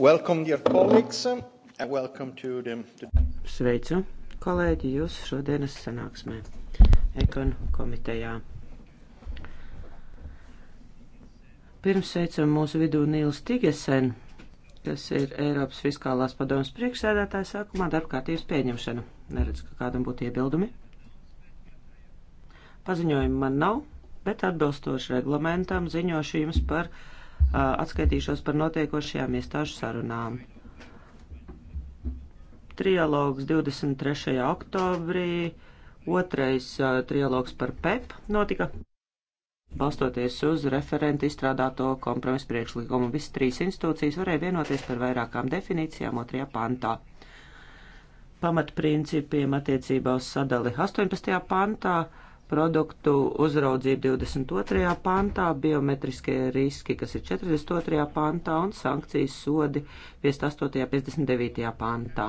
Welcome, dear colleagues, and welcome to the... Sveicu, kolēģi, jūs šodienas sanāksmē, Ekon komitejā. Pirms sveicam mūsu vidū Nils Tigesen, kas ir Eiropas fiskālās padomas priekšsēdētājs sākumā darbkārtības pieņemšanu. Neredz, ka kādam būtu iebildumi. Paziņojumi man nav, bet atbilstoši reglamentam ziņošu jums par uh, atskaitīšos par notiekošajām iestāžu sarunām. Trialogs 23. oktobrī, otrais trialogs par PEP e notika, balstoties uz referenta izstrādāto kompromisu priekšlikumu. Visas trīs institūcijas varēja vienoties par vairākām definīcijām otrajā pantā. Pamatprincipiem attiecībā uz sadali 18. pantā produktu uzraudzību 22. pantā, biometriskie riski, kas ir 42. pantā, un sankcijas sodi 58. 59. pantā.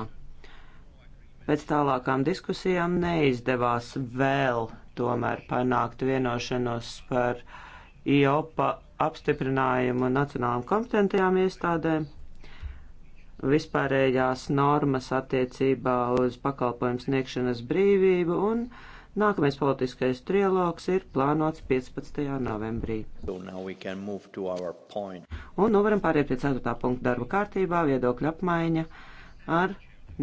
Pēc tālākām diskusijām neizdevās vēl tomēr panākt vienošanos par IOPA apstiprinājumu nacionālām kompetentajām iestādēm, vispārējās normas attiecībā uz pakalpojumu sniegšanas brīvību un uh, Nākamais politiskais trialogs ir plānots 15. novembrī. So Un nu varam pāriet pie 4. punkta darba kārtībā viedokļa apmaiņa ar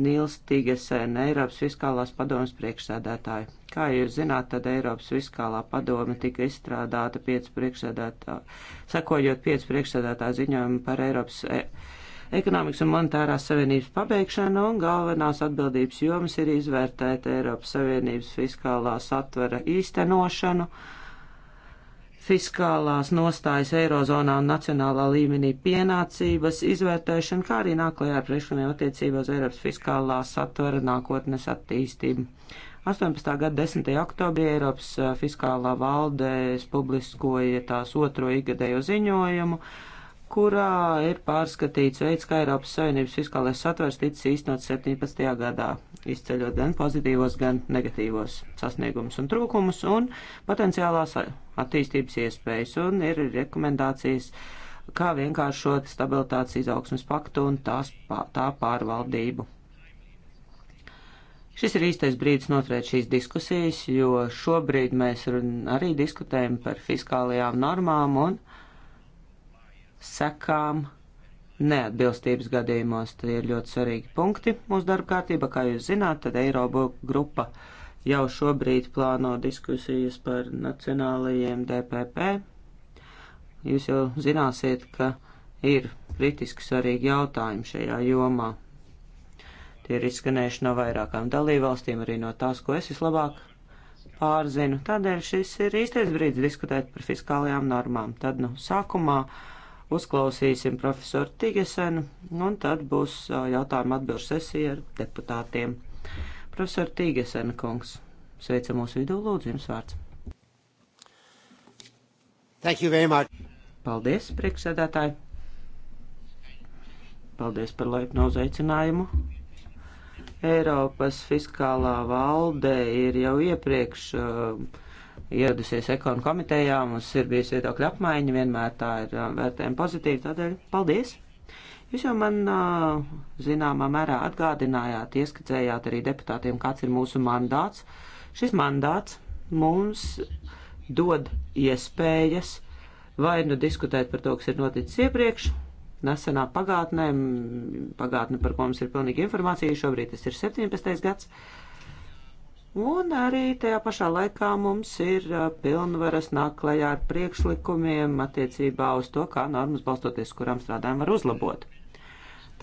Nils Tigesēn, Eiropas fiskālās padomas priekšsēdētāju. Kā jūs zināt, tad Eiropas fiskālā padome tika izstrādāta piecu priekšsēdētāju, sekojot piecu priekšsēdētāju ziņojumu par Eiropas. E Ekonomikas un monetārās savienības pabeigšana un galvenās atbildības jomas ir izvērtēt Eiropas Savienības fiskālā satvera īstenošanu, fiskālās nostājas Eirozonā un nacionālā līmenī pienācības izvērtēšana, kā arī nākamajā ar priekšlikumiem attiecībā uz Eiropas fiskālā satvera nākotnes attīstību. 18. gada 10. oktobrī Eiropas eh, fiskālā valdēs publiskoja tās otro ikgadējo ziņojumu kurā ir pārskatīts veids, kā Eiropas Savienības fiskālais satvers ticis īstenots 17. gadā, izceļot gan pozitīvos, gan negatīvos sasniegumus un trūkumus un potenciālās attīstības iespējas, un ir rekomendācijas, kā vienkāršot stabilitātes izaugsmas paktu un tās, tā pārvaldību. Šis ir īstais brīdis noturēt šīs diskusijas, jo šobrīd mēs arī diskutējam par fiskālajām normām un uh, sekām neatbilstības gadījumos. Tie ir ļoti svarīgi punkti mūsu darba kārtībā. Kā jūs zināt, tad Eiropa grupa jau šobrīd plāno diskusijas par nacionālajiem DPP. Jūs jau zināsiet, ka ir kritiski svarīgi jautājumi šajā jomā. Tie ir izskanējuši no vairākām dalībvalstīm, arī no tās, ko es vislabāk pārzinu. Tādēļ šis ir īstais brīdis diskutēt par fiskālajām normām. Tad, nu, sākumā uh, uzklausīsim profesoru Tigesenu, un tad būs jautājuma atbilžu sesija ar deputātiem. Profesor Tīgesena kungs, sveicam mūsu vidū, lūdzu jums vārds. Thank you very much. Paldies, priekšsēdētāji. Paldies par laipno uzaicinājumu. Eiropas fiskālā valde ir jau iepriekš uh, ieradusies ekonu komitejā, mums ir bijusi viedokļa apmaiņa, vienmēr tā ir vērtējuma pozitīva, tādēļ paldies! Jūs jau man zināmā mērā atgādinājāt, ieskicējāt arī deputātiem, kāds ir mūsu mandāts. Šis mandāts mums dod iespējas vai nu diskutēt par to, kas ir noticis iepriekš, nesenā pagātnē, pagātne, par ko mums ir pilnīgi informācija, šobrīd tas ir 17. gads Un arī tajā pašā laikā mums ir uh, pilnvaras nāk klajā ar priekšlikumiem attiecībā uz to, kā normas balstoties, kurām strādājam, var uzlabot.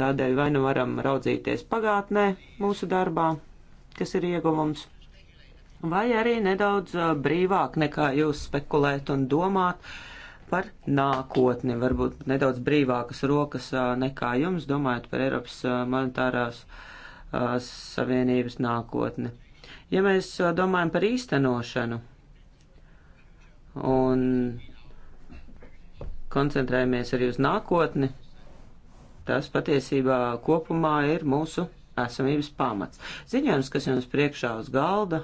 Tādēļ vai nu varam raudzīties pagātnē mūsu darbā, kas ir ieguvums, vai arī nedaudz uh, brīvāk nekā jūs spekulēt un domāt par nākotni, varbūt nedaudz brīvākas rokas uh, nekā jums domājat par Eiropas monetārās savienības nākotni. Ja mēs domājam par īstenošanu un koncentrējamies arī uz nākotni, tas patiesībā kopumā ir mūsu esamības pamats. Ziņojums, kas jums priekšā uz galda.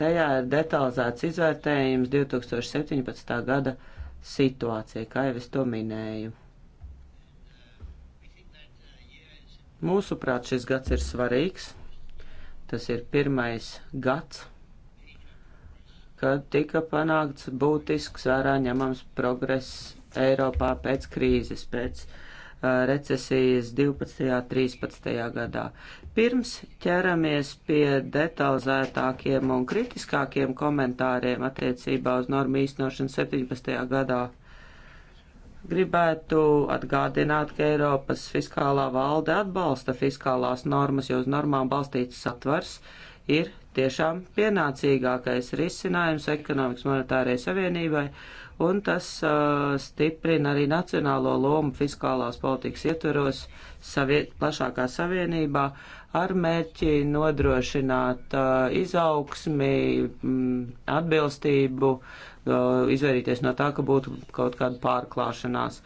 Tajā ir detalizēts izvērtējums 2017. gada situācija, kā jau es to minēju. Mūsuprāt, šis gads ir svarīgs. Tas ir pirmais gads, kad tika panākts būtisks vērā ņemams progress Eiropā pēc krīzes, pēc uh, recesijas 12. un 13. gadā. Pirms ķeramies pie detalizētākiem un kritiskākiem komentāriem attiecībā uz normu īstenošanu 17. gadā Gribētu atgādināt, ka Eiropas fiskālā valde atbalsta fiskālās normas, jo uz normām balstīts satvers ir tiešām pienācīgākais risinājums ekonomikas monetārajai savienībai, un tas uh, stiprina arī nacionālo lomu fiskālās politikas ietveros savie, plašākā savienībā ar mērķi nodrošināt uh, izaugsmi, m, mm, atbilstību uh, Uh, izvairīties no tā, ka būtu kaut kāda pārklāšanās.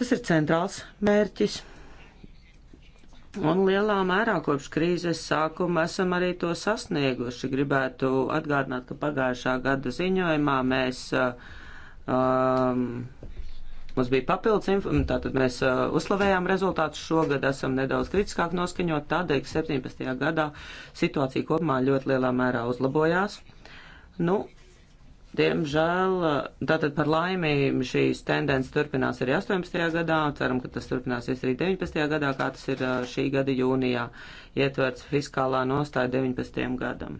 Tas ir centrāls mērķis. Un lielā mērā kopš krīzes sākuma esam arī to sasnieguši. Gribētu atgādināt, ka pagājušā gada ziņojumā mēs, uh, um, mums bija papildus informācija, mm, tātad mēs uh, uzslavējām rezultātus šogad, esam nedaudz kritiskāk noskaņot, tādēļ, ka 17. gadā situācija kopumā ļoti lielā mērā uzlabojās. Nu, Diemžēl, eh, tātad par laimi šīs tendences turpinās arī 18. gadā, ceram, ka tas turpināsies arī 19. gadā, kā tas ir eh, šī gada jūnijā ietverts fiskālā nostāja 19. gadam.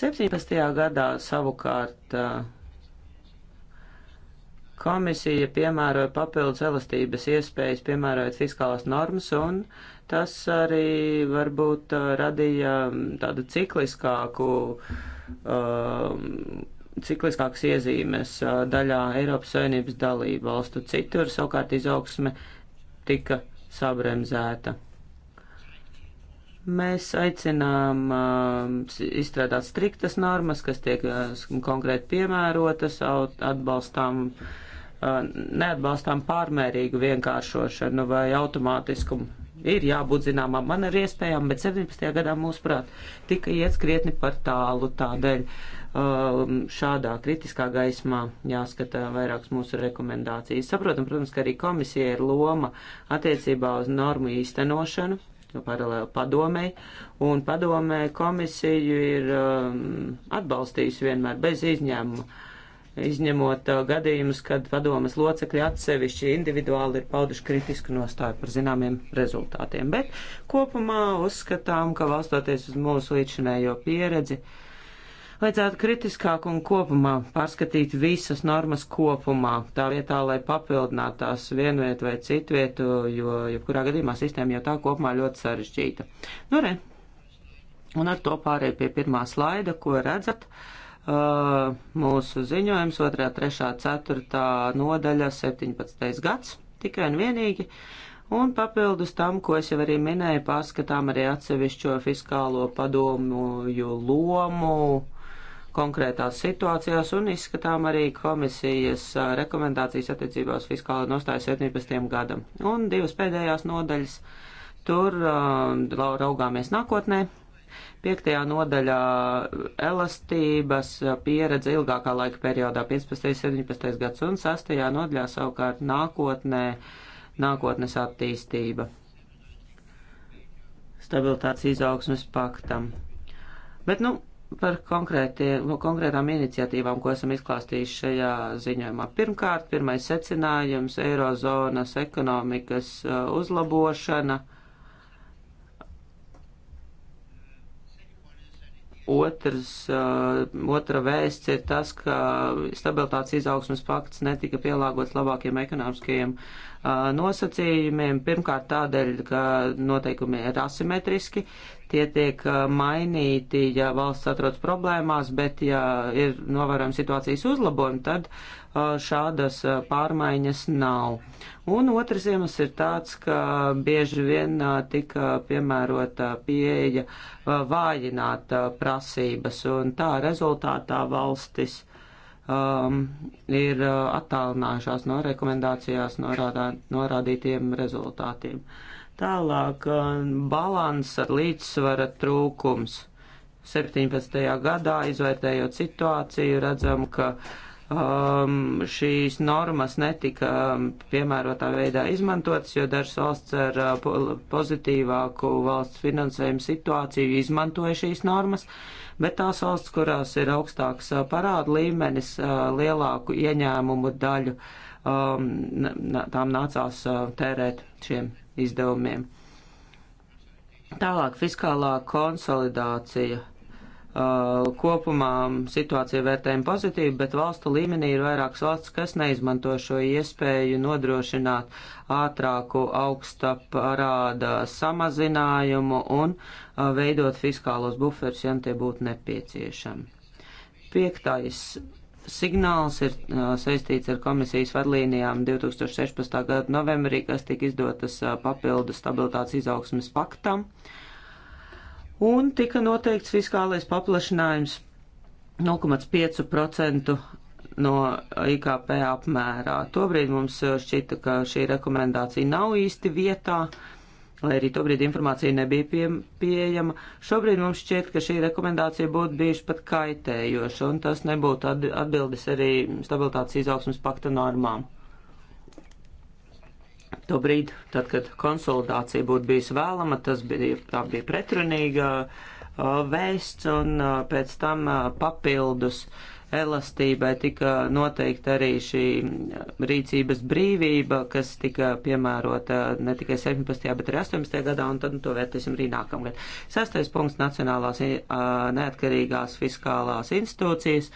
17. gadā savukārt eh, komisija piemēroja papildus elastības iespējas, piemērojot fiskālās normas un uh, Tas arī varbūt uh, radīja um, tādu cikliskāku, um, cikliskākas iezīmes uh, daļā Eiropas Savienības dalību valstu. Citur savukārt izaugsme tika sabremzēta. Mēs aicinām uh, izstrādāt striktas normas, kas tiek uh, konkrēti piemērotas, atbalstām, uh, neatbalstām pārmērīgu vienkāršošanu vai automātiskumu ir jābūt zināmām man arī iespējām, bet 17. gadā mūsuprāt tika iet krietni par tālu tādēļ. Um, šādā kritiskā gaismā jāskata vairākas mūsu rekomendācijas. Saprotam, protams, ka arī komisija ir loma attiecībā uz normu īstenošanu, paralēli padomēji, un padomē komisiju ir um, atbalstījusi vienmēr bez izņēmuma. Uh, izņemot uh, gadījumus, kad padomas locekļi atsevišķi individuāli ir pauduši kritisku nostāju par zināmiem rezultātiem. Bet kopumā uzskatām, ka valstoties uz mūsu līdzinējo pieredzi, vajadzētu kritiskāk un kopumā pārskatīt visas normas kopumā, tā vietā, lai papildinātu tās vienvietu vai citvietu, jo jebkurā gadījumā sistēma jau tā kopumā ļoti sarežģīta. Nu, re. Un ar to pārēju pie pirmā slaida, ko redzat. Uh, Uh, mūsu ziņojums 2, 3, 4 nodaļa 17. gads tikai un vienīgi. Un papildus tam, ko es jau arī minēju, pārskatām arī atsevišķo fiskālo padomuju lomu konkrētās situācijās un izskatām arī komisijas uh, rekomendācijas attiecībā uz fiskālo nostāju 17. gadam. Un divas pēdējās nodaļas tur uh, raugāmies nākotnē, Piektajā nodaļā elastības pieredze ilgākā laika periodā 15. 17. gads un 6. nodaļā savukārt nākotnē, nākotnes attīstība. Stabilitātes izaugsmes paktam. Bet, nu, par no konkrētām iniciatīvām, ko esam izklāstījuši šajā ziņojumā. Pirmkārt, pirmais secinājums - eirozonas ekonomikas uh, uzlabošana Otrs, uh, otra vēsts ir tas, ka stabilitātes izaugsmas pakts netika pielāgots labākiem ekonomiskajiem uh, nosacījumiem. Pirmkārt tādēļ, ka noteikumi ir asimetriski tie tiek uh, mainīti, ja valsts atrodas problēmās, bet ja ir novērojama situācijas uzlabojuma, tad uh, šādas uh, pārmaiņas nav. Un otrs iemesls ir tāds, ka bieži vien tika piemērota pieeja vājināt prasības, un tā rezultātā valstis um, ir attālinājušās no rekomendācijās norādā, norādītiem rezultātiem. Uh, Tālāk uh, balans ar līdzsvara trūkums. 17. gadā, izvērtējot situāciju, redzam, ka um, šīs normas netika um, piemērotā veidā izmantotas, jo dažas valsts ar uh, pozitīvāku valsts finansējumu situāciju izmantoja šīs normas, bet tās valsts, kurās ir augstāks uh, parādu līmenis, uh, lielāku ieņēmumu daļu, um, tām nācās uh, tērēt šiem izdevumiem. Tālāk fiskālā konsolidācija. Uh, kopumā situācija vērtējam pozitīvi, bet valstu līmenī ir vairākas valsts, kas neizmanto šo iespēju nodrošināt ātrāku augsta parāda samazinājumu un uh, veidot fiskālos buferus, ja nu tie būtu nepieciešami. Piektais signāls ir uh, saistīts ar komisijas vadlīnijām 2016. gada novembrī, kas tika izdotas uh, papildu stabilitātes izaugsmes paktam, un tika noteikts fiskālais paplašinājums 0,5% no IKP apmērā. Tobrīd mums šķita, ka šī rekomendācija nav īsti vietā. Uh, lai arī tobrīd informācija nebija pie, pieejama. Šobrīd mums šķiet, ka šī rekomendācija būtu bijuši pat kaitējoša, un tas nebūtu atbildes arī stabilitātes izaugsmas pakta normām. Tobrīd, tad, kad konsolidācija būtu bijusi vēlama, tas bija, tā bija pretrunīga uh, vēsts, un uh, pēc tam uh, papildus. Uh, elastībai tika noteikta arī šī rīcības brīvība, kas tika piemērota ne tikai 17. bet arī 18. gadā, un tad nu, to vērtēsim arī nākamgad. Sastais punkts - Nacionālās neatkarīgās fiskālās institūcijas.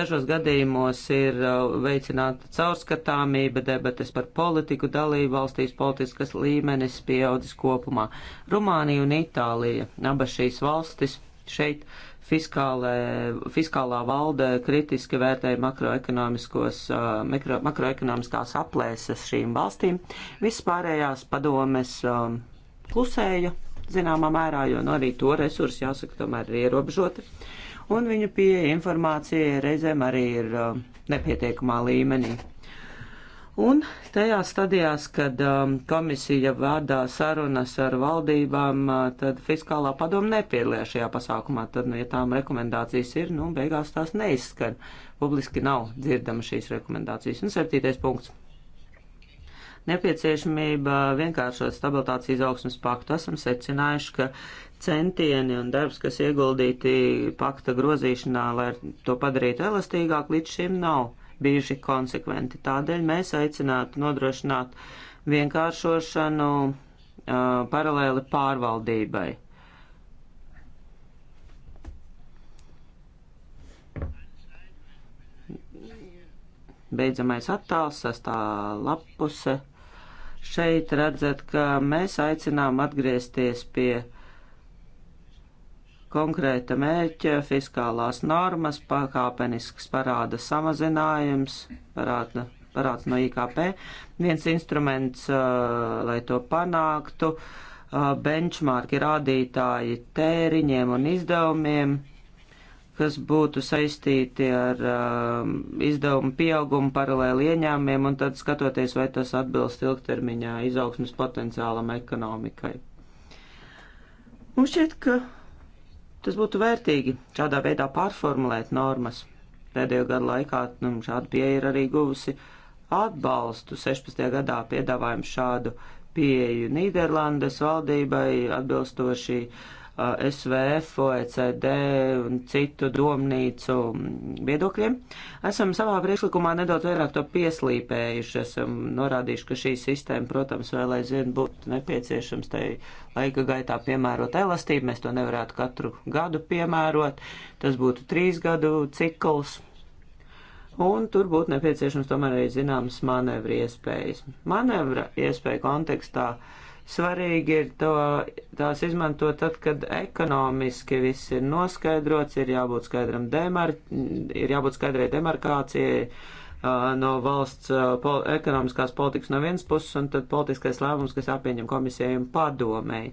Dažos gadījumos ir veicināta caurskatāmība, debates par politiku, dalību valstīs, politiskas līmenis pieaudzis kopumā. Rumānija un Itālija, abas šīs valstis šeit fiskālē, fiskālā valde kritiski vērtēja makroekonomiskos, mikro, makroekonomiskās aplēses šīm valstīm. Viss pārējās padomes klusēja zināmā mērā, jo nu, arī to resursi, jāsaka, tomēr ir ierobežoti. Un viņu pieeja informācija reizēm arī ir nepietiekamā līmenī. Un tajās stadijās, kad um, komisija vādā sarunas ar valdībām, uh, tad fiskālā padoma nepiedalījās šajā pasākumā. Tad, nu, ja tām rekomendācijas ir, nu, beigās tās neizskan. Publiski nav dzirdama šīs rekomendācijas. Un septītais punkts. Nepieciešamība vienkāršot stabilitātes izaugsmas paktu. Esam secinājuši, ka centieni un darbs, kas ieguldīti pakta grozīšanā, lai to padarītu elastīgāk, līdz šim nav bieži konsekventi. Tādēļ mēs aicinātu nodrošināt vienkāršošanu uh, paralēli pārvaldībai. Beidzamais attēls, sastā lapuse. Šeit redzat, ka mēs aicinām atgriezties pie konkrēta mērķa, fiskālās normas, pakāpenisks parāda samazinājums, parāda, parāds no IKP, viens instruments, uh, lai to panāktu, uh, benchmarki rādītāji tēriņiem un izdevumiem, kas būtu saistīti ar uh, izdevumu pieaugumu paralēli ieņēmumiem, un tad skatoties, vai tas atbilst ilgtermiņā izaugsmas potenciālam ekonomikai. Mums šķiet, ka Tas būtu vērtīgi šādā veidā pārformulēt normas. Pēdējo gadu laikā nu, šāda pieeja ir arī guvusi atbalstu. 16. gadā piedāvājam šādu pieeju Nīderlandes valdībai atbilstoši uh, Eh, SVF, OECD un citu domnīcu viedokļiem. Esam savā priekšlikumā nedaudz vairāk to pieslīpējuši. Esam norādījuši, ka šī sistēma, protams, vēl aizvien būtu nepieciešams tai laika gaitā piemērot elastību. Mēs to nevarētu katru gadu piemērot. Tas būtu trīs gadu cikls. Un tur būtu nepieciešams tomēr arī zināmas manevra iespējas. Manevra iespēja kontekstā uh, Svarīgi ir to, tās izmantot tad, kad ekonomiski viss ir noskaidrots, ir jābūt, demar, ir jābūt skaidrai demarkācijai uh, no valsts uh, pol, ekonomiskās politikas no vienas puses un tad politiskais lēmums, kas jāpieņem komisijai un padomēji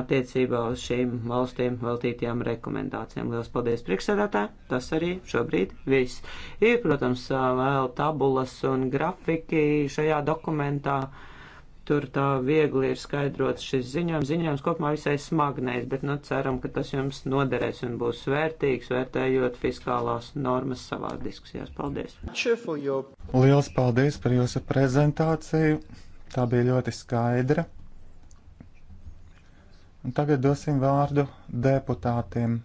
attiecībā uz šīm valstīm veltītajām rekomendācijām. Lielas paldies priekšsēdētāji, tas arī šobrīd viss. Ir, protams, vēl tabulas un grafiki šajā dokumentā tur tā viegli ir skaidrot šis ziņojums. Ziņojums kopumā visai smagnējs, bet nu ceram, ka tas jums noderēs un būs vērtīgs, vērtējot fiskālās normas savās diskusijās. Paldies! Liels paldies par jūsu prezentāciju! Tā bija ļoti skaidra. Un tagad dosim vārdu deputātiem.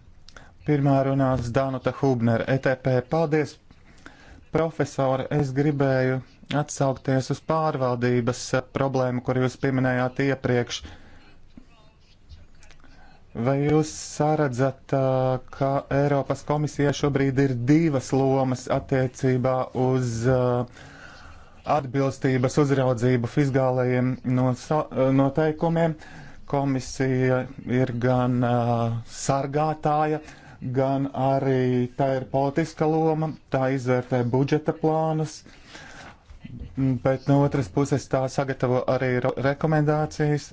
Pirmā runās Danuta Hubner, ETP. Paldies, profesori! Es gribēju atsaukties uz pārvaldības eh, problēmu, kur jūs pieminējāt iepriekš. Vai jūs saredzat, eh, ka Eiropas komisijai šobrīd ir divas lomas attiecībā uz eh, atbilstības uzraudzību fiskālajiem noteikumiem? Komisija ir gan sargātāja, gan arī tā ir politiska loma, tā izvērtē budžeta plānus. Uh, Mm, bet no otras puses tā sagatavo arī rekomendācijas.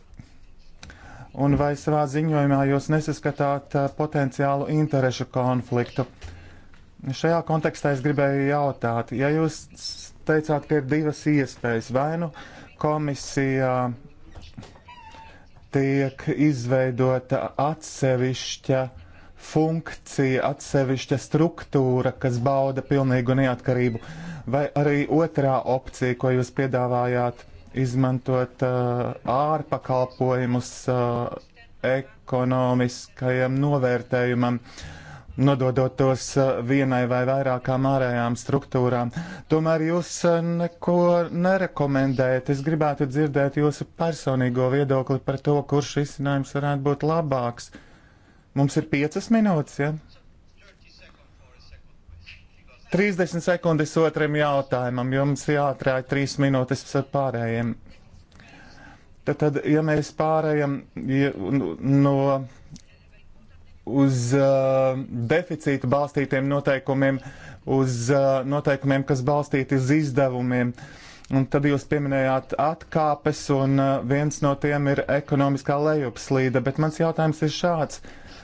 Un vai savā ziņojumā jūs nesaskatāt uh, potenciālu interešu konfliktu? Šajā kontekstā es gribēju jautāt, ja jūs teicāt, ka ir divas iespējas, vai nu komisija tiek izveidota atsevišķa funkcija, atsevišķa struktūra, kas bauda pilnīgu neatkarību. Uh, Vai arī otrā opcija, ko jūs piedāvājāt, izmantot uh, ārpakalpojumus uh, ekonomiskajam novērtējumam. Uh, nododot tos uh, vienai vai vairākām ārējām struktūrām. Tomēr jūs uh, neko nerekomendējat. Es gribētu dzirdēt jūsu personīgo viedokli par to, kurš izcinājums varētu būt labāks. Mums ir piecas minūtes, ja? 30 sekundes otram jautājumam, jums jāatrāja 3 minūtes pārējiem. Tad, tad ja mēs pārējam ja, nu, no uz uh, deficītu balstītiem noteikumiem, uz uh, noteikumiem, kas balstīti uz izdevumiem, un tad jūs pieminējāt atkāpes, un uh, viens no tiem ir ekonomiskā lejupslīde, bet mans jautājums ir šāds.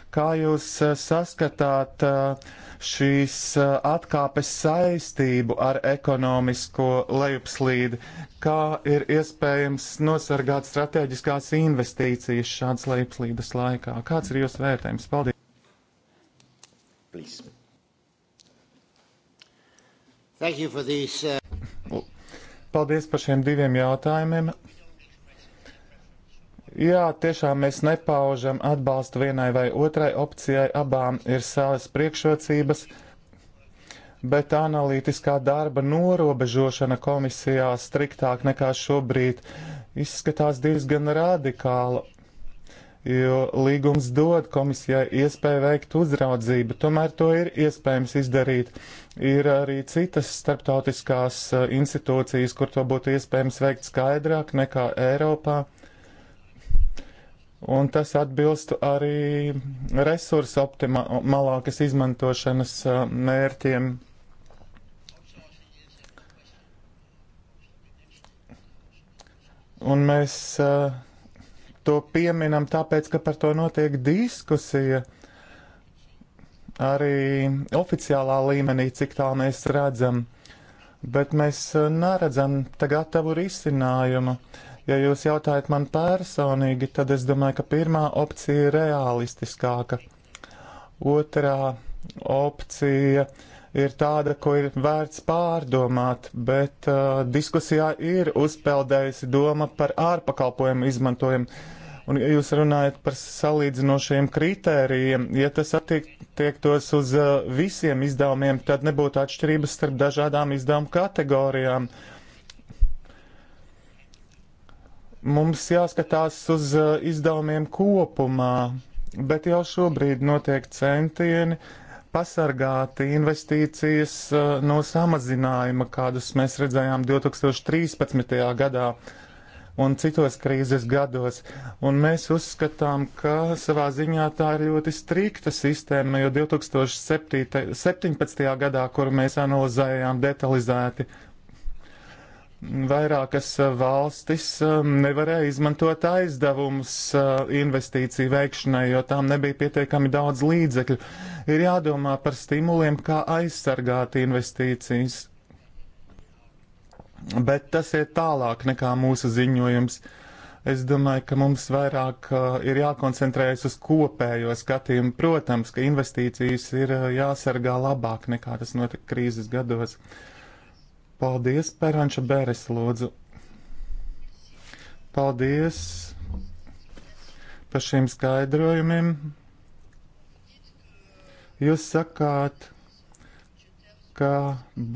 Kā jūs uh, saskatāt uh, šīs atkāpes saistību ar ekonomisko lejupslīdi, kā ir iespējams nosargāt strateģiskās investīcijas šādas lejupslīdes laikā. Kāds ir jūsu vērtējums? Paldies! Please. Thank you for these, uh... Paldies par šiem diviem jautājumiem. Jā, tiešām mēs nepaužam atbalstu vienai vai otrai opcijai, abām ir savas priekšrocības, bet analītiskā darba norobežošana komisijā striktāk nekā šobrīd izskatās diezgan radikāla, jo līgums dod komisijai iespēju veikt uzraudzību, tomēr to ir iespējams izdarīt. Ir arī citas starptautiskās eh, institūcijas, kur to būtu iespējams veikt skaidrāk nekā Eiropā un tas atbilstu arī resursu optimālākas izmantošanas mērķiem. Un mēs to pieminam tāpēc, ka par to notiek diskusija arī oficiālā līmenī, cik tā mēs redzam. Bet mēs neredzam te gatavu risinājumu. Uh, Ja jūs jautājat man personīgi, tad es domāju, ka pirmā opcija ir realistiskāka. Otrā opcija ir tāda, ko ir vērts pārdomāt, bet uh, diskusijā ir uzpeldējusi doma par ārpakalpojumu izmantojumu. Un, ja jūs runājat par salīdzinošiem kritērijiem, ja tas attiektos uz uh, visiem izdevumiem, tad nebūtu atšķirības starp dažādām izdevumu kategorijām. Uh, Mums jāskatās uz eh, izdevumiem kopumā, bet jau šobrīd notiek centieni pasargāt investīcijas eh, no samazinājuma, kādus mēs redzējām 2013. gadā un citos krīzes gados. Un mēs uzskatām, ka savā ziņā tā ir ļoti strikta sistēma, jo 2017. gadā, kuru mēs analizējām detalizēti, vairākas eh, valstis eh, nevarēja izmantot aizdevumus eh, investīciju veikšanai, jo tām nebija pietiekami daudz līdzekļu. Ir jādomā par stimuliem, kā aizsargāt investīcijas. Bet tas iet tālāk nekā mūsu ziņojums. Es domāju, ka mums vairāk ir jākoncentrējas uz kopējo skatījumu. Protams, ka investīcijas ir jāsargā labāk nekā tas notika krīzes gados. Uh, Paldies, Pēranča Bēres, lūdzu. Paldies par šiem skaidrojumiem. Jūs sakāt, ka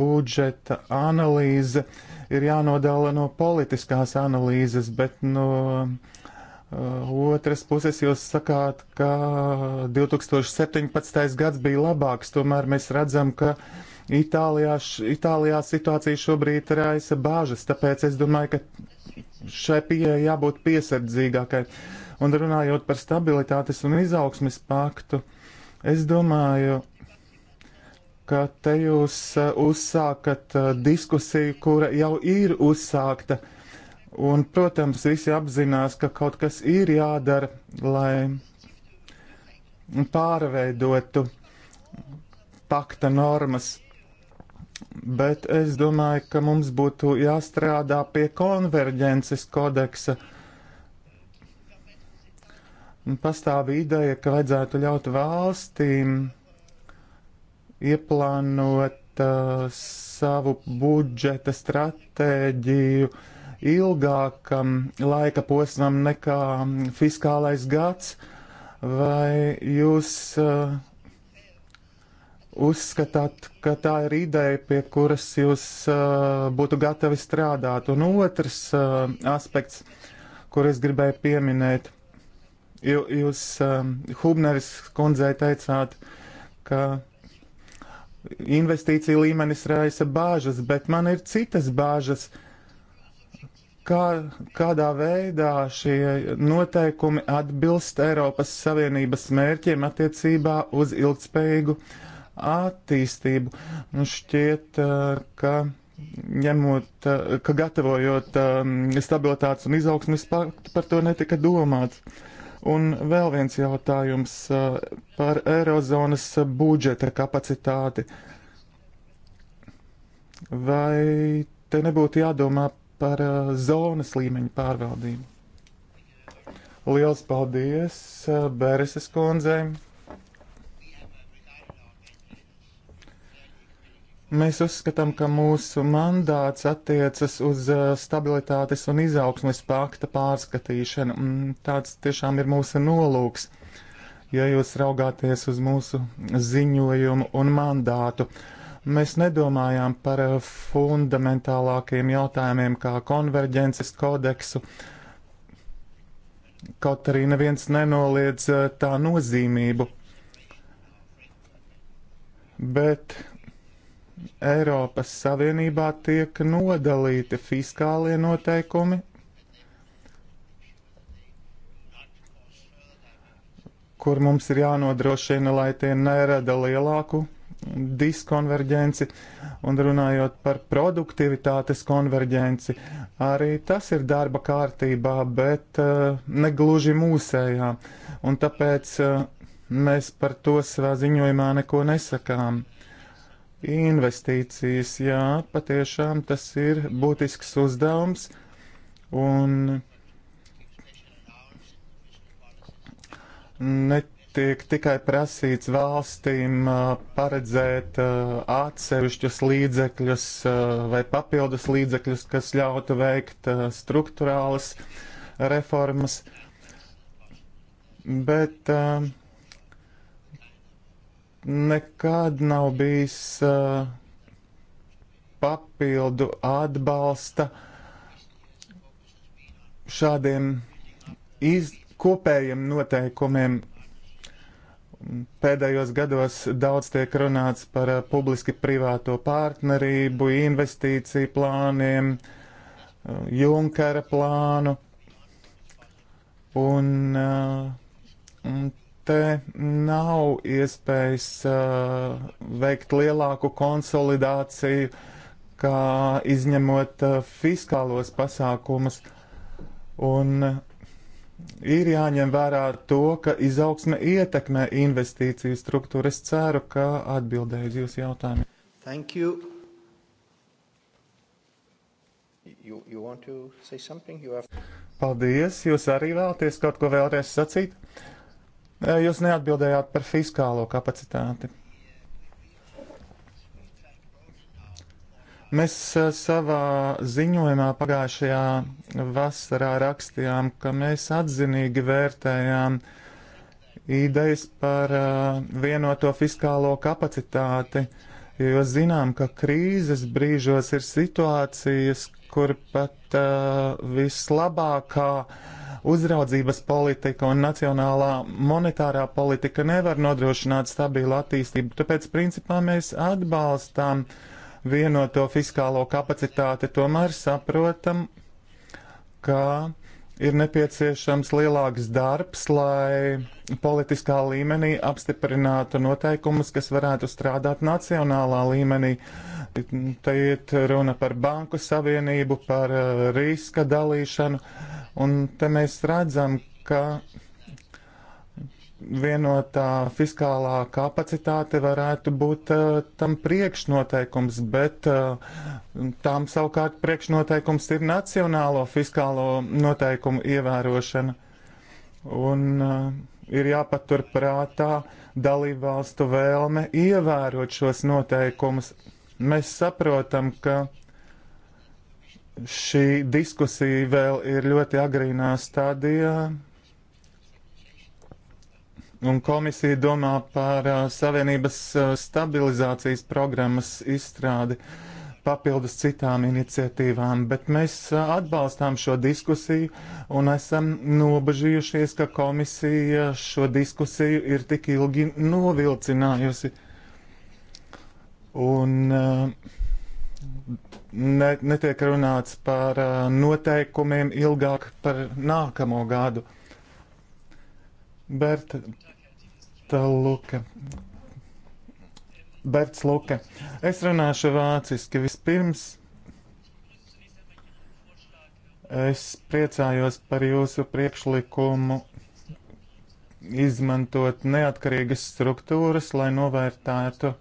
budžeta analīze ir jānodala no politiskās analīzes, bet no uh, otras puses jūs sakāt, ka 2017. gads bija labāks, tomēr mēs redzam, ka uh, Itālijā, Itālijā situācija šobrīd raisa bāžas, tāpēc es domāju, ka šai pieeja jābūt piesardzīgākai. Un runājot par stabilitātes un izaugsmes paktu, es domāju, ka te jūs uh, uzsākat uh, diskusiju, kura jau ir uzsākta. Un, protams, visi apzinās, ka kaut kas ir jādara, lai pārveidotu pakta normas bet es domāju, ka mums būtu jāstrādā pie konverģences kodeksa. Pastāv ideja, ka vajadzētu ļaut valstīm ieplānot uh, savu budžeta stratēģiju ilgākam laika posmam nekā fiskālais gads, vai jūs uh, uzskatāt, ka tā ir ideja, pie kuras jūs uh, būtu gatavi strādāt. Un otrs uh, aspekts, kur es gribēju pieminēt, Jū, jūs uh, Hubneris kundzei teicāt, ka investīcija līmenis raisa bāžas, bet man ir citas bāžas. Kā, kādā veidā šie noteikumi atbilst Eiropas Savienības mērķiem attiecībā uz ilgspējīgu uh, attīstību. Nu, šķiet, ka ņemot, ka gatavojot stabilitātes un izaugsmes paktu, par to netika domāts. Un vēl viens jautājums par Eirozonas budžeta kapacitāti. Vai te nebūtu jādomā par zonas līmeņa pārvaldību? Liels paldies Bereses kundzei! Mēs uzskatām, ka mūsu mandāts attiecas uz uh, stabilitātes un izaugsmes pakta pārskatīšanu. Mm, tāds tiešām ir mūsu nolūks, ja jūs raugāties uz mūsu ziņojumu un mandātu. Mēs nedomājām par uh, fundamentālākiem jautājumiem kā konverģences kodeksu, kaut arī neviens nenoliedz uh, tā nozīmību. Bet Eiropas Savienībā tiek nodalīti fiskālie noteikumi, kur mums ir jānodrošina, lai tie nerada lielāku diskonverģenci, un runājot par produktivitātes konverģenci, arī tas ir darba kārtībā, bet uh, negluži mūsējā, un tāpēc uh, mēs par to savā ziņojumā neko nesakām. Investīcijas, jā, patiešām tas ir būtisks uzdevums. Un netiek tikai prasīts valstīm paredzēt atsevišķus līdzekļus vai papildus līdzekļus, kas ļautu veikt struktūrālas reformas, bet uh, nekad nav bijis uh, papildu atbalsta šādiem iz, kopējiem noteikumiem. Pēdējos gados daudz tiek runāts par uh, publiski-privāto partnerību, investīciju plāniem, uh, Junkara plānu. Un, uh, un te nav iespējas uh, veikt lielāku konsolidāciju, kā izņemot uh, fiskālos pasākumus. Un uh, ir jāņem vērā to, ka izaugsme ietekmē investīciju struktūru. Es ceru, ka atbildēju uz jūsu jautājumu. Thank you. You, you want to say something? You have... Paldies! Jūs arī vēlaties kaut ko vēlreiz sacīt? Uh, Eh, jūs neatbildējāt par fiskālo kapacitāti. Mēs eh, savā ziņojumā pagājušajā vasarā rakstījām, ka mēs atzinīgi vērtējām idejas par eh, vienoto fiskālo kapacitāti, jo zinām, ka krīzes brīžos ir situācijas, kur pat uh, vislabākā uzraudzības politika un nacionālā monetārā politika nevar nodrošināt stabilu attīstību. Tāpēc, principā, mēs atbalstām vienoto fiskālo kapacitāti, tomēr saprotam, ka ir nepieciešams lielāks darbs, lai politiskā līmenī apstiprinātu noteikumus, kas varētu strādāt nacionālā līmenī. Te iet runa par banku savienību, par eh, riska dalīšanu, un te mēs redzam, ka vienotā fiskālā kapacitāte varētu būt uh, tam priekšnoteikums, bet uh, tām savukārt priekšnoteikums ir nacionālo fiskālo noteikumu ievērošana. Un uh, ir jāpatur prātā dalībvalstu vēlme ievērot šos noteikumus Mēs saprotam, ka šī diskusija vēl ir ļoti agrīnā stadijā, un komisija domā par uh, Savienības uh, stabilizācijas programmas izstrādi papildus citām iniciatīvām, bet mēs uh, atbalstām šo diskusiju un esam nobažījušies, ka komisija šo diskusiju ir tik ilgi novilcinājusi. Uh, Un eh, ne, netiek runāts par eh, noteikumiem ilgāk par nākamo gadu. Berta Luka. Berts Luka. Es runāšu vāciski vispirms. Es priecājos par jūsu priekšlikumu izmantot neatkarīgas struktūras, lai novērtētu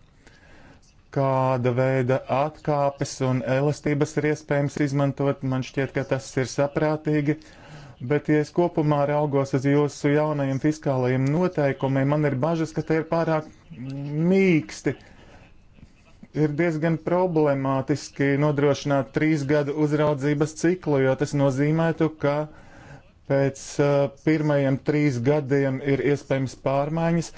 kāda veida atkāpes un elastības ir iespējams izmantot. Man šķiet, ka tas ir saprātīgi. Bet, ja es kopumā raugos uz jūsu jaunajiem fiskālajiem noteikumiem, man ir bažas, ka tie ir pārāk mīksti. Ir diezgan problemātiski nodrošināt trīs gadu uzraudzības ciklu, jo tas nozīmētu, ka uh, pēc uh, pirmajiem trīs gadiem ir iespējams pārmaiņas,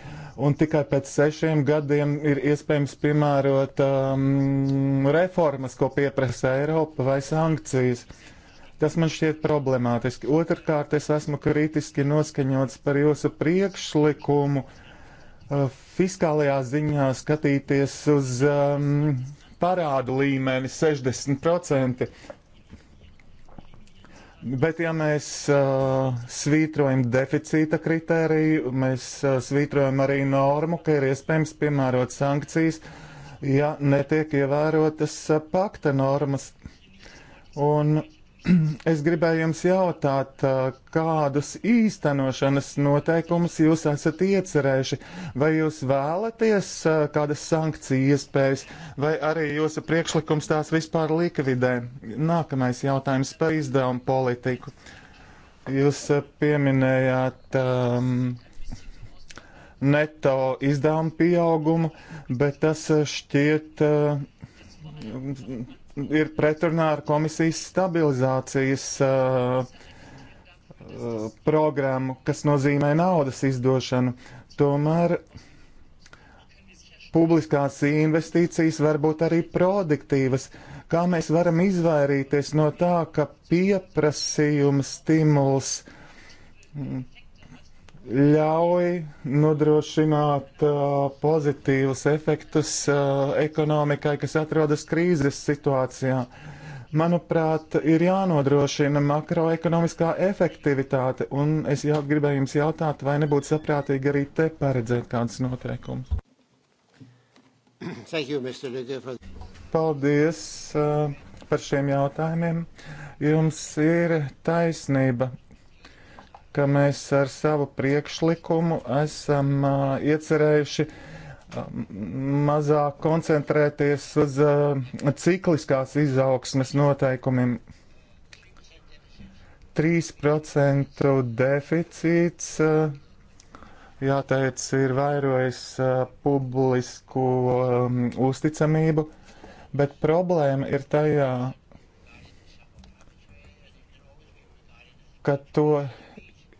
un tikai pēc sešiem gadiem ir iespējams piemērot um, reformas, ko pieprasa Eiropa vai sankcijas. Tas man šķiet problemātiski. Otrkārt, es esmu kritiski noskaņots par jūsu priekšlikumu uh, fiskālajā ziņā skatīties uz um, parādu līmeni 60%. Bet, ja mēs uh, svītrojam deficīta kritēriju, mēs uh, svītrojam arī normu, ka ir iespējams piemērot sankcijas, ja netiek ievērotas uh, pakta normas. Un Es gribēju jums jautāt, kādus īstenošanas noteikumus jūs esat iecerējuši? Vai jūs vēlaties kādas sankciju iespējas, vai arī jūsu priekšlikums tās vispār likvidē? Nākamais jautājums par izdevumu politiku. Jūs pieminējāt um, neto izdevumu pieaugumu, bet tas šķiet. Uh, ir pretrunā ar komisijas stabilizācijas uh, uh, programmu, kas nozīmē naudas izdošanu. Tomēr publiskās investīcijas var būt arī produktīvas. Kā mēs varam izvairīties no tā, ka pieprasījuma stimuls mm, ļauj nodrošināt uh, pozitīvus efektus uh, ekonomikai, kas atrodas krīzes situācijā. Manuprāt, ir jānodrošina makroekonomiskā efektivitāte, un es jau gribēju jums jautāt, vai nebūtu saprātīgi arī te paredzēt kādus noteikumus. For... Paldies uh, par šiem jautājumiem. Jums ir taisnība ka mēs ar savu priekšlikumu esam uh, iecerējuši uh, mazāk koncentrēties uz uh, cikliskās izaugsmes noteikumiem. 3% deficīts, uh, jāteic, ir vairojis uh, publisku um, uzticamību, bet problēma ir tajā, ka to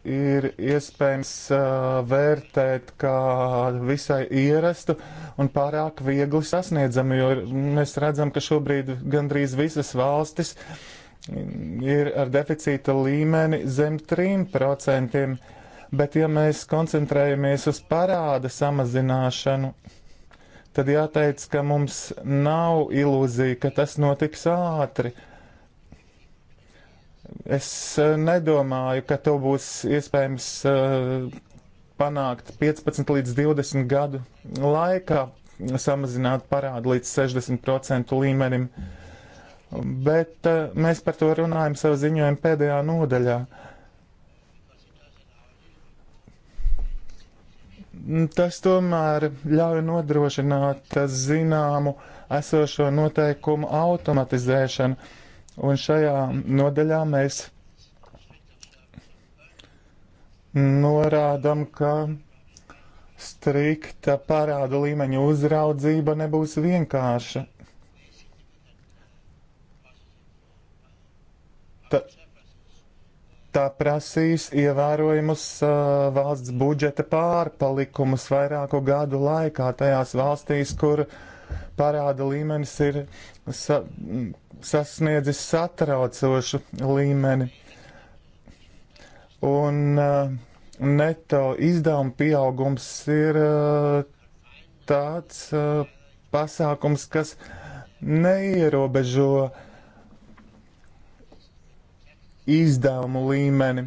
ir iespējams uh, vērtēt kā visai ierastu un pārāk viegli sasniedzamu, jo mēs redzam, ka šobrīd gandrīz visas valstis ir ar deficīta līmeni zem 3%, bet ja mēs koncentrējamies uz parāda samazināšanu, tad jāteic, ka mums nav ilūzija, ka tas notiks ātri. Uh, Es eh, nedomāju, ka to būs iespējams eh, panākt 15 līdz 20 gadu laikā, samazināt parādu līdz 60% līmenim. Bet eh, mēs par to runājam savu ziņojumu pēdējā nodaļā. Tas tomēr ļauj nodrošināt zināmu esošo noteikumu automatizēšanu Un šajā nodaļā mēs norādam, ka strikta parāda līmeņa uzraudzība nebūs vienkārša. Ta, tā prasīs ievērojumus uh, valsts budžeta pārpalikumus vairāku gadu laikā tajās valstīs, kur parāda līmenis ir sa, sasniedzis satraucošu līmeni. Un uh, neto izdevuma pieaugums ir uh, tāds uh, pasākums, kas neierobežo izdevumu līmeni.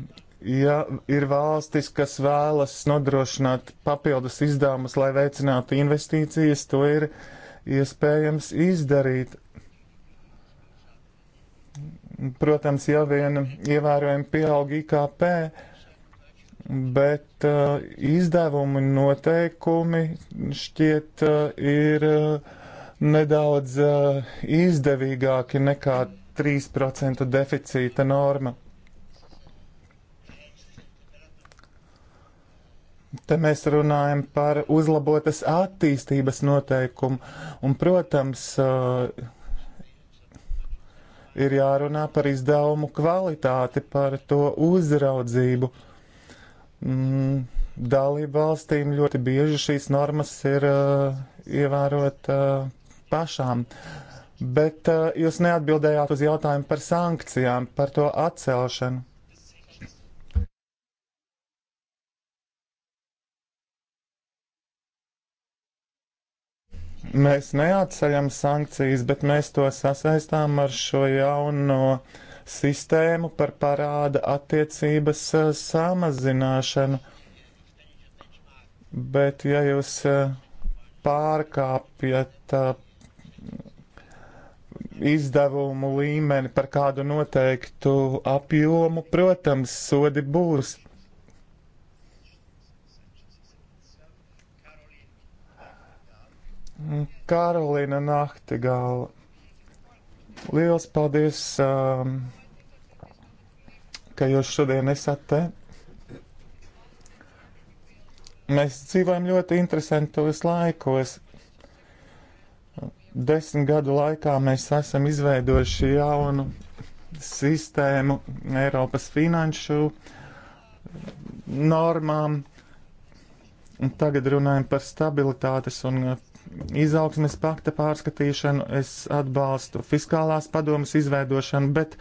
Ja ir valstis, kas vēlas nodrošināt papildus izdevumus, lai veicinātu investīcijas, to ir iespējams izdarīt protams, jau vien ievērojami pieaug IKP, bet uh, izdevumi noteikumi šķiet uh, ir uh, nedaudz uh, izdevīgāki nekā 3% deficīta norma. Te mēs runājam par uzlabotas attīstības noteikumu, un, protams, uh, ir jārunā par izdevumu kvalitāti, par to uzraudzību. Mm, dalību valstīm ļoti bieži šīs normas ir uh, ievērot uh, pašām. Bet uh, jūs neatbildējāt uz jautājumu par sankcijām, par to atcelšanu. Mēs neatceļam sankcijas, bet mēs to sasaistām ar šo jauno sistēmu par parāda attiecības eh, samazināšanu. Bet ja jūs eh, pārkāpjat eh, izdevumu līmeni par kādu noteiktu apjomu, protams, sodi būs. Karolīna Naktigāla. Liels paldies, um, ka jūs šodien esat te. Mēs dzīvojam ļoti interesantos laikos. Desmit gadu laikā mēs esam izveidojuši jaunu sistēmu Eiropas finanšu normām. Un tagad runājam par stabilitātes un izaugsmes pakta pārskatīšanu, es atbalstu fiskālās padomas izveidošanu, bet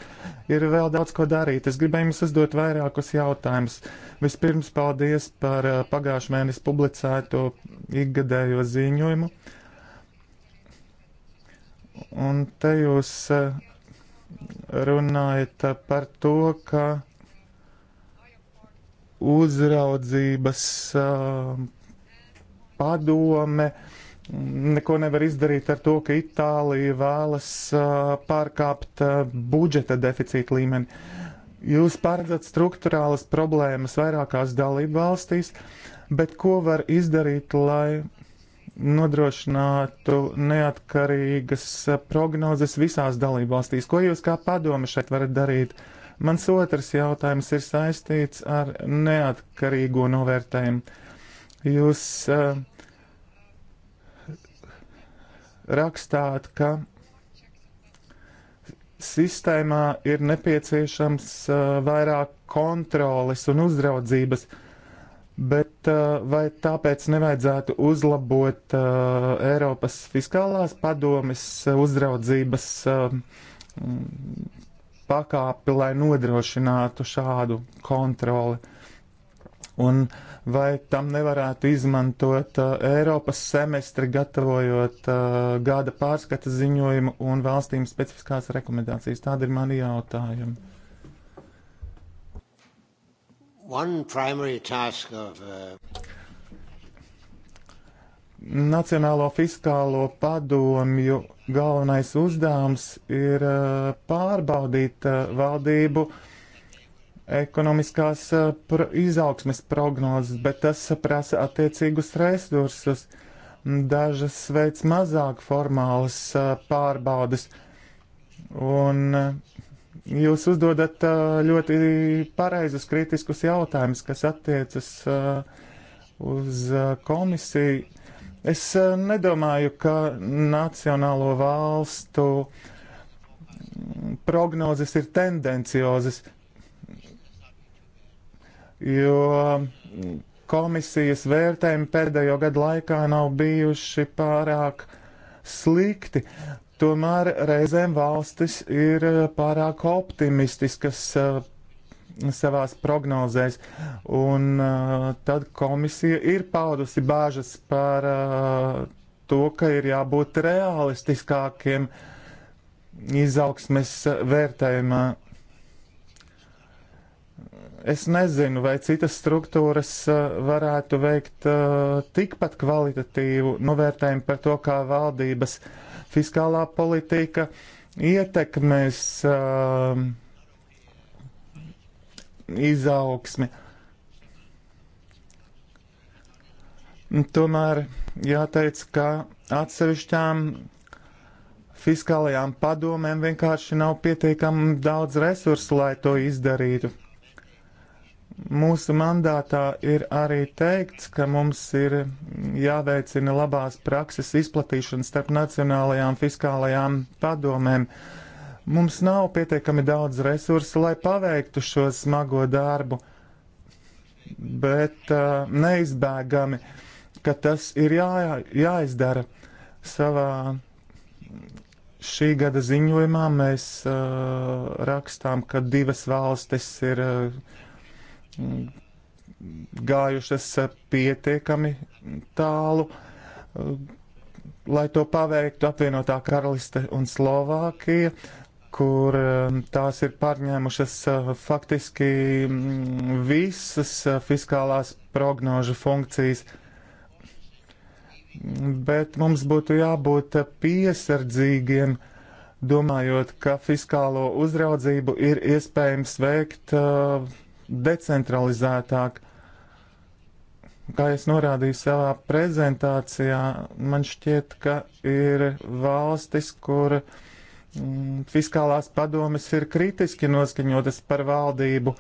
ir vēl daudz ko darīt. Es gribēju jums uzdot vairākus jautājumus. Vispirms paldies par eh, pagājušā mēnesi publicēto ikgadējo ziņojumu. Un te jūs eh, runājat par to, ka uzraudzības eh, padome uh, neko nevar izdarīt ar to, ka Itālija vēlas uh, pārkāpt uh, budžeta deficīta līmeni. Jūs paredzat struktūrālas problēmas vairākās dalību valstīs, bet ko var izdarīt, lai nodrošinātu neatkarīgas prognozes visās dalību valstīs? Ko jūs kā padome šeit varat darīt? Mans otrs jautājums ir saistīts ar neatkarīgo novērtējumu. Jūs uh, rakstāt, ka sistēmā ir nepieciešams uh, vairāk kontroles un uzraudzības, bet uh, vai tāpēc nevajadzētu uzlabot uh, Eiropas fiskālās padomes uh, uzraudzības uh, pakāpi, lai nodrošinātu šādu kontroli? Un uh, vai tam nevarētu izmantot uh, Eiropas semestri, gatavojot uh, gada pārskata ziņojumu un valstīm specifiskās rekomendācijas? Tādi ir mani jautājumi. Of, uh... Nacionālo fiskālo padomju galvenais uzdevums ir uh, pārbaudīt uh, valdību uh, ekonomiskās eh, pro izaugsmes prognozes, bet tas prasa attiecīgus resursus. Dažas veids mazāk formālas eh, pārbaudas. Un eh, jūs uzdodat ļoti pareizus kritiskus jautājumus, kas attiecas uz komisiju. Es nedomāju, ka nacionālo valstu mm, prognozes ir tendenciozes jo mm, komisijas vērtējumi pēdējo gadu laikā nav bijuši pārāk slikti. Tomēr reizēm valstis ir eh, pārāk optimistiskas eh, savās prognozēs, un eh, tad komisija ir paudusi bāžas par to, ka ir jābūt realistiskākiem izaugsmes vērtējumā Es nezinu, vai citas struktūras eh, varētu veikt eh, tikpat kvalitatīvu novērtējumu par to, kā valdības fiskālā politika ietekmēs eh, izaugsmi. Tomēr jāteic, ka atsevišķām fiskālajām padomēm vienkārši nav pietiekami daudz resursu, lai to izdarītu. Mūsu mandātā ir arī teikts, ka mums ir jāveicina labās prakses izplatīšana starp nacionālajām fiskālajām padomēm. Mums nav pietiekami daudz resursu, lai paveiktu šo smago darbu, bet uh, neizbēgami, ka tas ir jā, jāizdara savā šī gada ziņojumā mēs uh, rakstām, ka divas valstis ir uh, gājušas pietiekami tālu. Eh, lai to paveiktu apvienotā karaliste un Slovākija, kur eh, tās ir pārņēmušas eh, faktiski mm, visas fiskālās prognožu funkcijas. Bet mums būtu jābūt piesardzīgiem domājot, ka fiskālo uzraudzību ir iespējams veikt uh, decentralizētāk. Kā es norādīju savā prezentācijā, man šķiet, ka ir valstis, kur mm, fiskālās padomes ir kritiski noskaņotas par valdību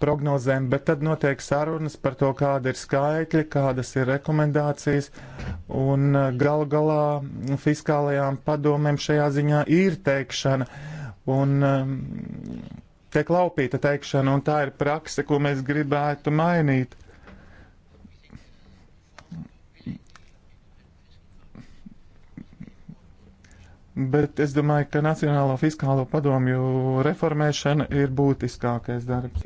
prognozēm, bet tad notiek sarunas par to, kāda ir skaitļa, kādas ir rekomendācijas, un eh, gal galā fiskālajām padomēm šajā ziņā ir teikšana. Un, um, tiek laupīta teikšana, un tā ir prakse, ko mēs gribētu mainīt. Bet es domāju, ka Nacionālo fiskālo padomju reformēšana ir būtiskākais darbs.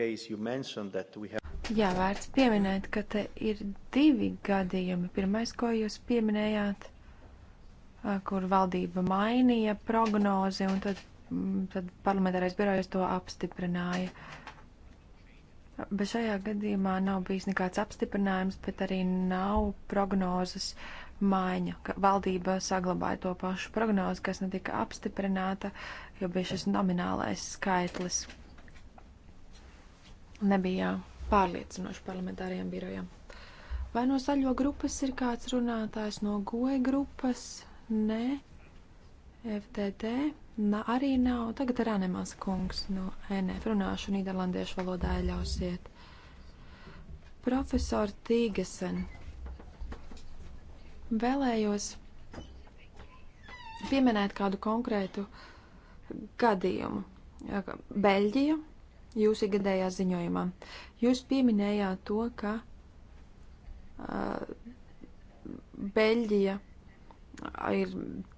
Jā, vērts pieminēt, ka te ir divi gadījumi. Pirmais, ko jūs pieminējāt, kur valdība mainīja prognozi, un tad tad parlamentārais birojas to apstiprināja. Bet šajā gadījumā nav bijis nekāds apstiprinājums, bet arī nav prognozes maiņa, ka valdība saglabāja to pašu prognozi, kas netika apstiprināta, jo bija šis nominālais skaitlis. Nebija pārliecinoši parlamentāriem birojiem. Vai no zaļo grupas ir kāds runātājs no goja grupas? Nē. FDD na, arī nav. Tagad ir Anemās kungs no NF. Runāšu nīderlandiešu valodā, ja ļausiet. Profesor Tīgesen. Vēlējos pieminēt kādu konkrētu gadījumu. Beļģija jūsu ikgadējā ziņojumā. Jūs pieminējāt to, ka uh, Beļģija ir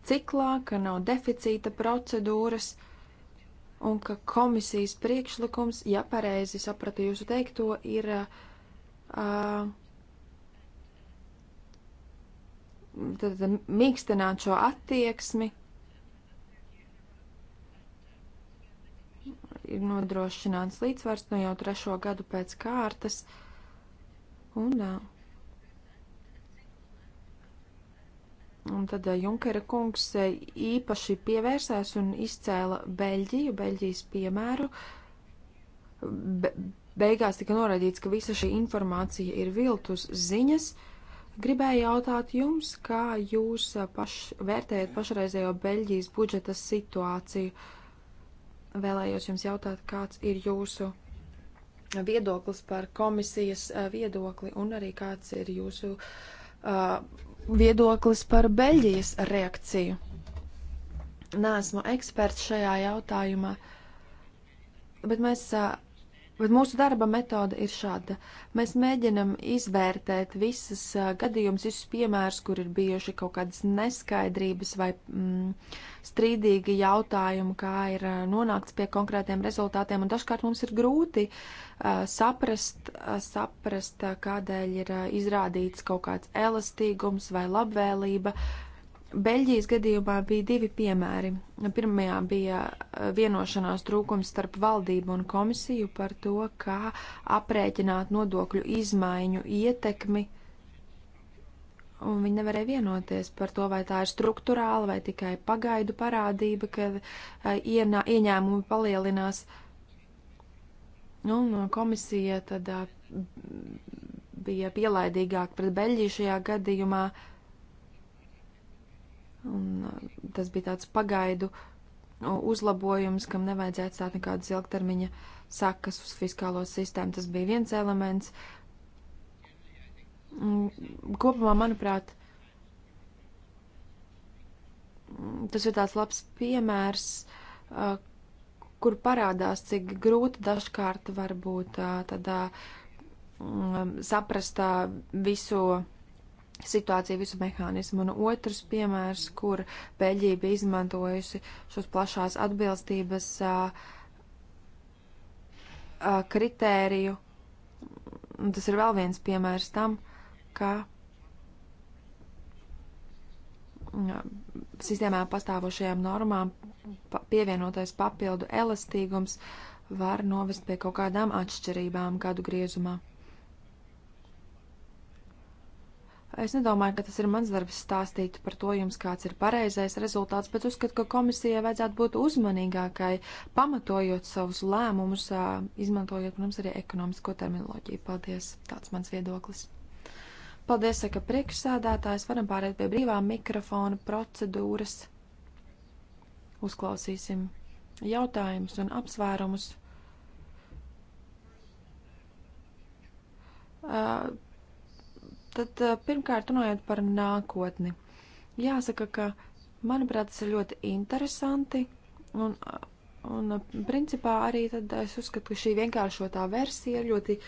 ciklā, ka nav deficīta procedūras un ka komisijas priekšlikums, ja pareizi sapratu jūsu teikto, ir uh, tad mīkstināt šo attieksmi, ir nodrošināts līdzsvars no jau trešo gadu pēc kārtas. Un, uh, Un tad eh, Junkera kungs eh, īpaši pievērsās un izcēla Beļģiju, Beļģijas piemēru. Be beigās tika noraidīts, ka visa šī informācija ir viltus ziņas. Gribēju jautāt jums, kā jūs eh, paš, vērtējat pašreizējo Beļģijas budžeta situāciju. Vēlējos jums jautāt, kāds ir jūsu viedoklis par komisijas viedokli un arī kāds ir jūsu uh, viedoklis par Beļģijas reakciju. Nē, esmu eksperts šajā jautājumā, bet mēs Bet mūsu darba metode ir šāda. Mēs mēģinam izvērtēt visas uh, gadījumus, visus piemērus, kur ir bijuši kaut kādas neskaidrības vai mm, strīdīgi jautājumi, kā ir uh, nonākts pie konkrētiem rezultātiem. Un dažkārt mums ir grūti uh, saprast, uh, saprast uh, kādēļ ir uh, izrādīts kaut kāds elastīgums vai labvēlība. Uh, Beļģijas gadījumā bija divi piemēri. Pirmajā bija eh, vienošanās trūkums starp valdību un komisiju par to, kā aprēķināt nodokļu izmaiņu ietekmi, un viņi nevarēja vienoties par to, vai tā ir struktūrāla vai tikai pagaidu parādība, ka eh, ienā, ieņēmumi palielinās. Un eh, komisija tad bija pielaidīgāk pret Beļģiju šajā gadījumā. Uh, Un eh, tas bija tāds pagaidu uzlabojums, kam nevajadzēja atstāt nekādas ilgtermiņa sakas uz fiskālo sistēmu. Tas bija viens elements. Kopumā, manuprāt, mm, tas ir tāds labs piemērs, eh, kur parādās, cik grūti dažkārt var būt eh, tādā mm, saprast visu situāciju, visu mehānismu. Un otrs piemērs, kur Beļģija bija izmantojusi šos plašās atbilstības a, a, kritēriju. Un tas ir vēl viens piemērs tam, ka a, sistēmā pastāvošajām normām pa, pievienotais papildu elastīgums var novest pie kaut kādām atšķirībām kādu griezumā. Es nedomāju, ka tas ir mans darbs stāstīt par to jums, kāds ir pareizais rezultāts, bet uzskatu, ka komisijai vajadzētu būt uzmanīgākai, pamatojot savus lēmumus, izmantojot, protams, arī ekonomisko terminoloģiju. Paldies, tāds mans viedoklis. Paldies, saka priekšsēdētājs. Varam pāriet pie brīvā mikrofona procedūras. Uzklausīsim jautājumus un apsvērumus. Uh, Tad eh, pirmkārt runājot par nākotni. Jāsaka, ka manuprāt tas ir ļoti interesanti un, un eh, principā arī tad es uzskatu, ka šī vienkāršotā versija ir ļoti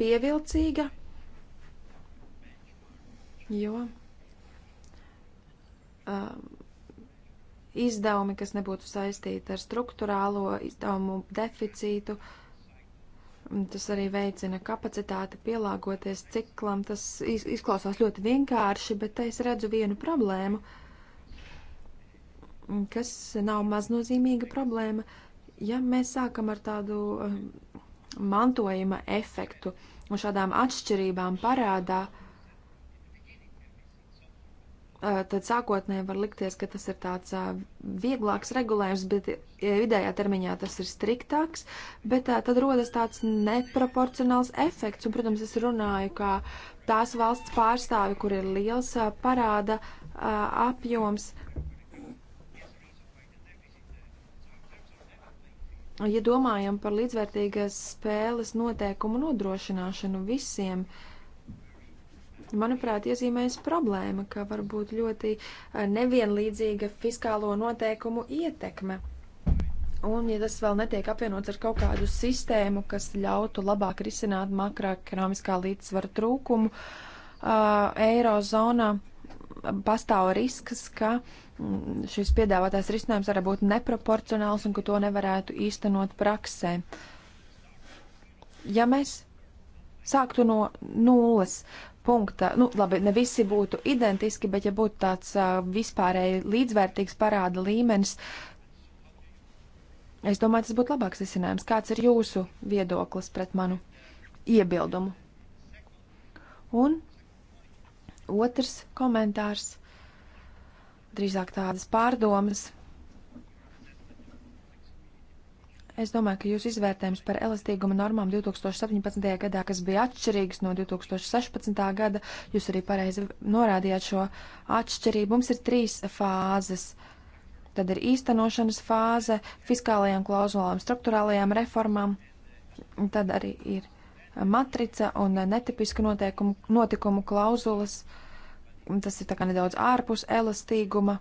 pievilcīga, jo um, izdevumi, kas nebūtu saistīti ar struktūrālo izdevumu deficītu, uh, Tas arī veicina kapacitāti pielāgoties ciklam. Tas izklausās ļoti vienkārši, bet te es redzu vienu problēmu, kas nav maznozīmīga problēma. Ja mēs sākam ar tādu um, mantojuma efektu un šādām atšķirībām parādā, uh, tad sākotnēji var likties, ka tas ir tāds vieglāks regulējums, bet vidējā termiņā tas ir striktāks, bet tad rodas tāds neproporcionāls efekts, un, protams, es runāju kā tās valsts pārstāvi, kur ir liels parāda apjoms. Ja domājam par līdzvērtīgas spēles noteikumu nodrošināšanu visiem, uh, manuprāt, iezīmējas problēma, ka var būt ļoti eh, nevienlīdzīga fiskālo noteikumu ietekme. Un, ja tas vēl netiek apvienots ar kaut kādu sistēmu, kas ļautu labāk risināt makroekonomiskā līdzsvara trūkumu, uh, eirozonā pastāv risks, ka mm, šis piedāvātais risinājums varētu būt neproporcionāls un ka to nevarētu īstenot praksē. Ja mēs sāktu no nulles, punkta, nu, labi, ne visi būtu identiski, bet ja būtu tāds uh, vispārēji līdzvērtīgs parāda līmenis, es domāju, tas būtu labāks risinājums. Kāds ir jūsu viedoklis pret manu iebildumu? Un otrs komentārs, drīzāk tādas pārdomas Es domāju, ka jūsu izvērtējums par elastīguma normām 2017. gadā, kas bija atšķirīgs no 2016. gada, jūs arī pareizi norādījāt šo atšķirību. Mums ir trīs fāzes. Tad ir īstenošanas fāze fiskālajām klauzulām, struktūrālajām reformām. Tad arī ir matrica un netipiska noteikumu, notikumu klauzulas. Tas ir tā kā nedaudz ārpus elastīguma,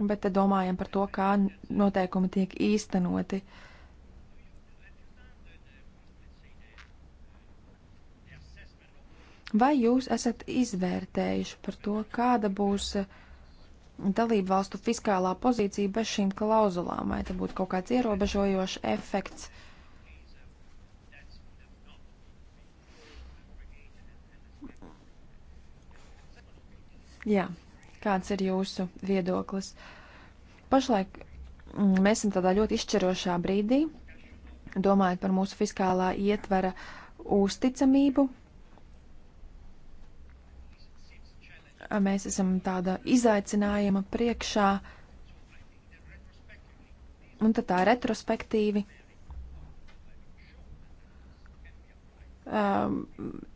bet te domājam par to, kā noteikumi tiek īstenoti. Uh, Vai jūs esat izvērtējuši par to, kāda būs eh, dalību valstu fiskālā pozīcija bez šīm klauzulām, vai te būtu kaut kāds ierobežojošs efekts? Jā, kāds ir jūsu viedoklis? Pašlaik mm, mēs esam tādā ļoti izšķirošā brīdī, domājot par mūsu fiskālā ietvara uzticamību Mēs esam tāda izaicinājuma priekšā. Un tad tā retrospektīvi. Um,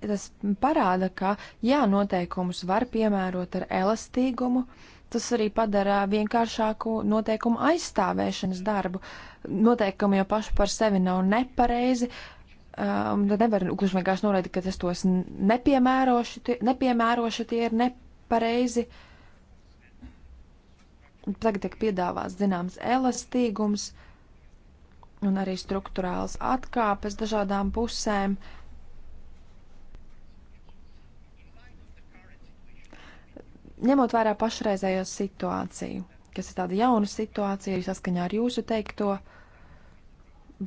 tas parāda, ka jā, noteikumus var piemērot ar elastīgumu. Tas arī padara vienkāršāku noteikumu aizstāvēšanas darbu. Noteikumi jau paši par sevi nav nepareizi. Um, nevar gluži vienkārši norādīt, ka es tos nepiemērošu, tie, nepiemērošu, tie ir ne, pareizi. Tagad tiek piedāvāts zināms elastīgums un arī struktūrāls atkāpes dažādām pusēm. Ņemot vērā pašreizējo situāciju, kas ir tāda jauna situācija saskaņā ar jūsu teikto,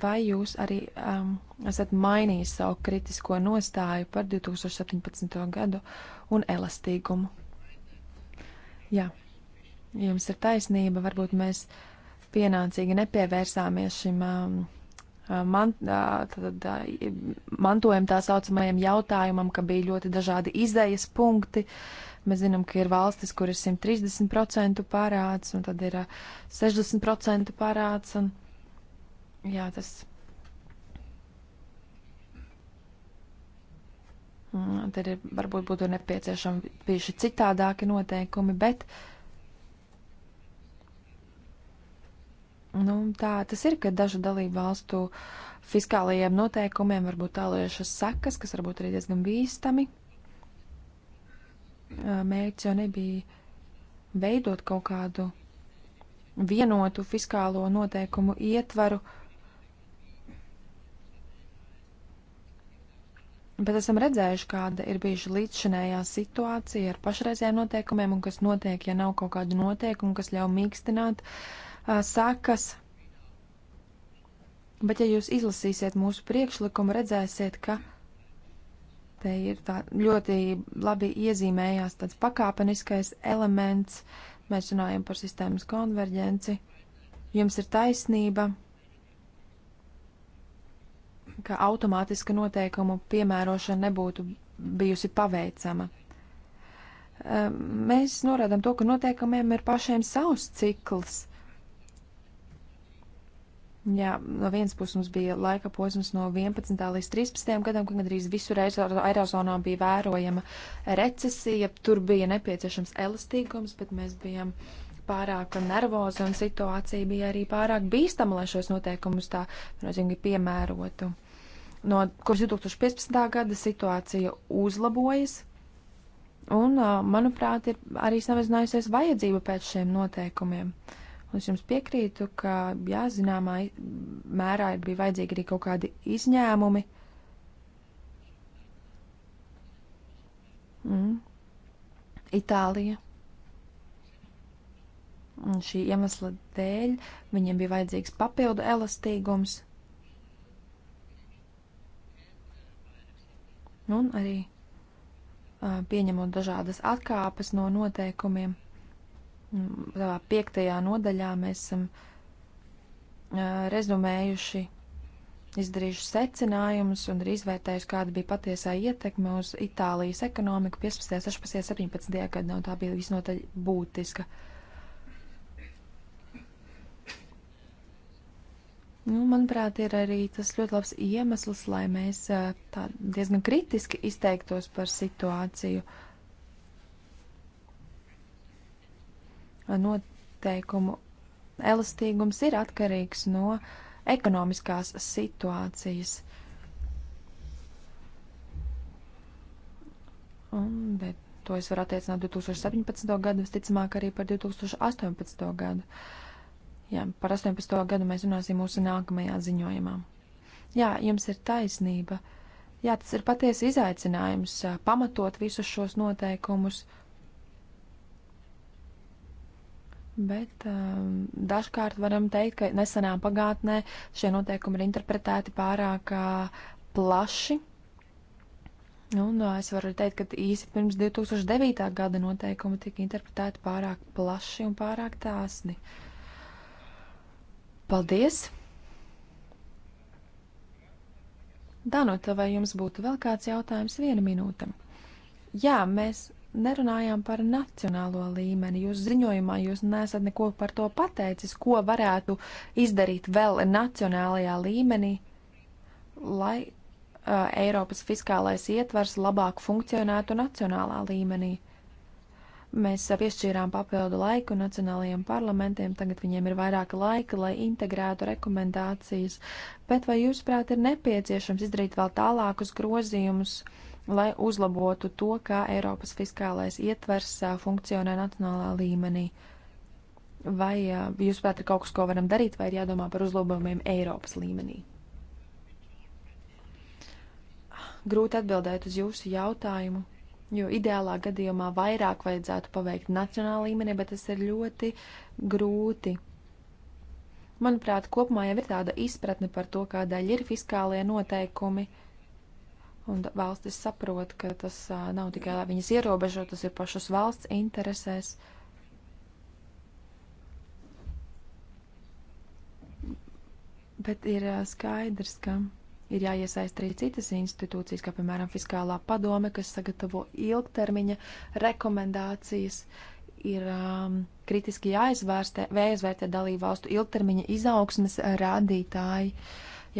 vai jūs arī um, esat mainījis savu kritisko nostāju par 2017. gadu un elastīgumu? Jā, jums ir taisnība. Varbūt mēs pienācīgi nepievērsāmies šim um, uh, man, uh, tad, uh, mantojuma tā saucamajam jautājumam, ka bija ļoti dažādi izējas punkti. Mēs zinām, ka ir valstis, kur ir 130% parāds, un tad ir 60% parāds. Un, jā, tas Mm, tad ir, varbūt būtu nepieciešami bijuši citādāki noteikumi, bet nu, tā tas ir, ka dažu dalību valstu fiskālajiem noteikumiem var būt tāliešas sekas, kas varbūt arī diezgan bīstami. Mērķis jau nebija veidot kaut kādu vienotu fiskālo noteikumu ietvaru. Uh, Bet esam redzējuši, kāda ir bijuši līdzšanējā situācija ar pašreizējiem noteikumiem un kas notiek, ja nav kaut kādu noteikumu, kas ļauj mīkstināt uh, sakas. Bet ja jūs izlasīsiet mūsu priekšlikumu, redzēsiet, ka te ir tā ļoti labi iezīmējās tāds pakāpeniskais elements. Mēs runājam par sistēmas konverģenci. Jums ir taisnība ka automātiska noteikumu piemērošana nebūtu bijusi paveicama. Mēs norādām to, ka noteikumiem ir pašiem savs cikls. Jā, no vienas puses mums bija laika posms no 11. līdz 13. gadam, kad gandrīz visur Eirozonā bija vērojama recesija, tur bija nepieciešams elastīgums, bet mēs bijām uh, pārāk nervoza un situācija bija arī pārāk bīstama, lai šos noteikumus tā, nozīmīgi, piemērotu. No kopš 2015. gada situācija uzlabojas, un, manuprāt, ir arī samazinājusies vajadzība pēc šiem noteikumiem. Un es jums piekrītu, ka, jā, zināmā mērā ir bija vajadzīgi arī kaut kādi izņēmumi. Mm. Itālija. Un šī iemesla dēļ viņiem bija vajadzīgs papildu elastīgums. Un arī uh, pieņemot dažādas atkāpes no noteikumiem. Savā piektajā nodaļā mēs esam uh, rezumējuši, izdarījuši secinājumus un arī izvērtējuši, kāda bija patiesā ietekme uz Itālijas ekonomiku 15, 16, 17 gadā, un tā bija visnotaļ būtiska. Uh, Nu, manuprāt, ir arī tas ļoti labs iemesls, lai mēs tā diezgan kritiski izteiktos par situāciju. Noteikumu elastīgums ir atkarīgs no ekonomiskās situācijas. Un, bet to es varu attiecināt 2017. gadu, visticamāk arī par 2018. gadu. Uh, Jā, par 18. gadu mēs runāsim mūsu nākamajā ziņojumā. Jā, jums ir taisnība. Jā, tas ir patiesi izaicinājums pamatot visus šos noteikumus. Bet um, dažkārt varam teikt, ka nesenā pagātnē šie noteikumi ir interpretēti pārāk uh, plaši. Un uh, es varu teikt, ka īsi pirms 2009. gada noteikumi tika interpretēti pārāk plaši un pārāk tāsni. Uh, Paldies! Danuta, vai jums būtu vēl kāds jautājums viena minūte? Jā, mēs nerunājām par nacionālo līmeni. Jūs ziņojumā jūs nesat neko par to pateicis, ko varētu izdarīt vēl nacionālajā līmenī, lai uh, Eiropas fiskālais ietvers labāk funkcionētu nacionālā līmenī. Uh, Mēs piešķīrām papildu laiku nacionālajiem parlamentiem, tagad viņiem ir vairāk laika, lai integrētu rekomendācijas, bet vai jūs prāt ir nepieciešams izdarīt vēl tālākus grozījumus, lai uzlabotu to, kā Eiropas fiskālais ietvers funkcionē nacionālā līmenī? Vai jūs prāt ir kaut kas, ko varam darīt, vai ir jādomā par uzlabojumiem Eiropas līmenī? Grūti atbildēt uz jūsu jautājumu Jo ideālā gadījumā vairāk vajadzētu paveikt nacionālā līmenī, bet tas ir ļoti grūti. Manuprāt, kopumā jau ir tāda izpratne par to, kādēļ ir fiskālie noteikumi, un valstis saprot, ka tas nav tikai viņas ierobežot, tas ir pašas valsts interesēs. Bet ir skaidrs, ka ir jāiesaist arī citas institūcijas, kā piemēram Fiskālā padome, kas sagatavo ilgtermiņa rekomendācijas, ir um, kritiski jāizvērtē dalību valstu ilgtermiņa izaugsmes rādītāji.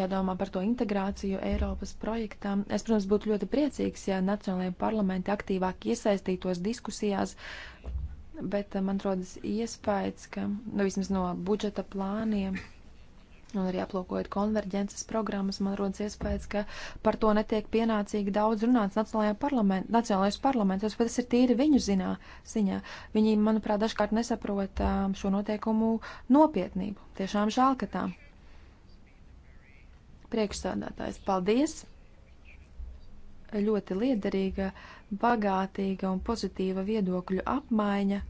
Jādomā par to integrāciju Eiropas projektā. Es, protams, būtu ļoti priecīgs, ja Nacionālajie parlamenti aktīvāk iesaistītos diskusijās, bet um, man rodas iespējas, ka, nu, vismaz no budžeta plāniem, Un arī aplūkojot konverģences programmas, man rodas iespējas, ka par to netiek pienācīgi daudz runāts parlament, nacionālajos parlamentos, bet tas ir tīri viņu zinā, ziņā. Viņi, manuprāt, dažkārt nesaprot šo noteikumu nopietnību. Tiešām žēl, ka tā. Priekšstādātājs, paldies! Ļoti liederīga, bagātīga un pozitīva viedokļu apmaiņa.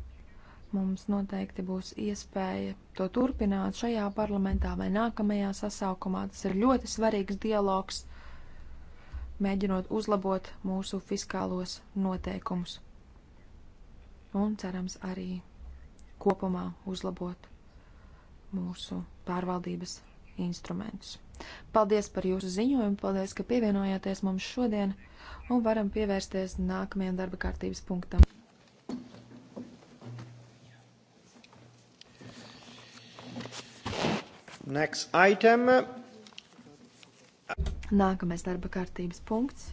Mums noteikti būs iespēja to turpināt šajā parlamentā vai nākamajā sasaukumā. Tas ir ļoti svarīgs dialogs, mēģinot uzlabot mūsu fiskālos noteikumus. Un cerams arī kopumā uzlabot mūsu pārvaldības instrumentus. Paldies par jūsu ziņojumu, paldies, ka pievienojāties mums šodien, un varam pievērsties nākamajam darba kārtības punktam. Next item. Nākamais darba kārtības punkts.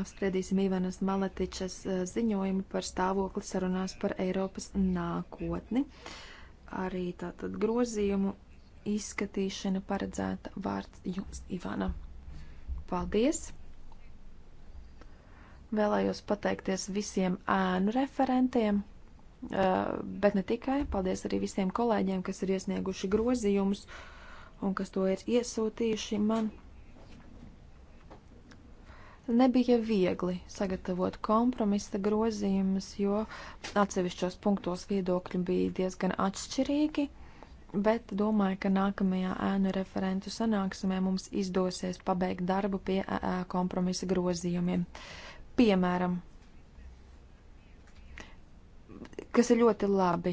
Apspriedīsim Ivanas Maletičas eh, ziņojumu par stāvokli sarunās par Eiropas nākotni. Arī tātad grozījumu izskatīšana paredzēta vārds jums, Ivana. Paldies! Vēlējos pateikties visiem ēnu referentiem, eh, bet ne tikai. Paldies arī visiem kolēģiem, kas ir iesnieguši grozījumus un kas to ir iesūtījuši man. Nebija viegli sagatavot kompromisa grozījumus, jo atsevišķos punktos viedokļi bija diezgan atšķirīgi, bet domāju, ka nākamajā ēnu referentu sanāksmē mums izdosies pabeigt darbu pie kompromisa grozījumiem. Uh, Piemēram, kas ir ļoti labi,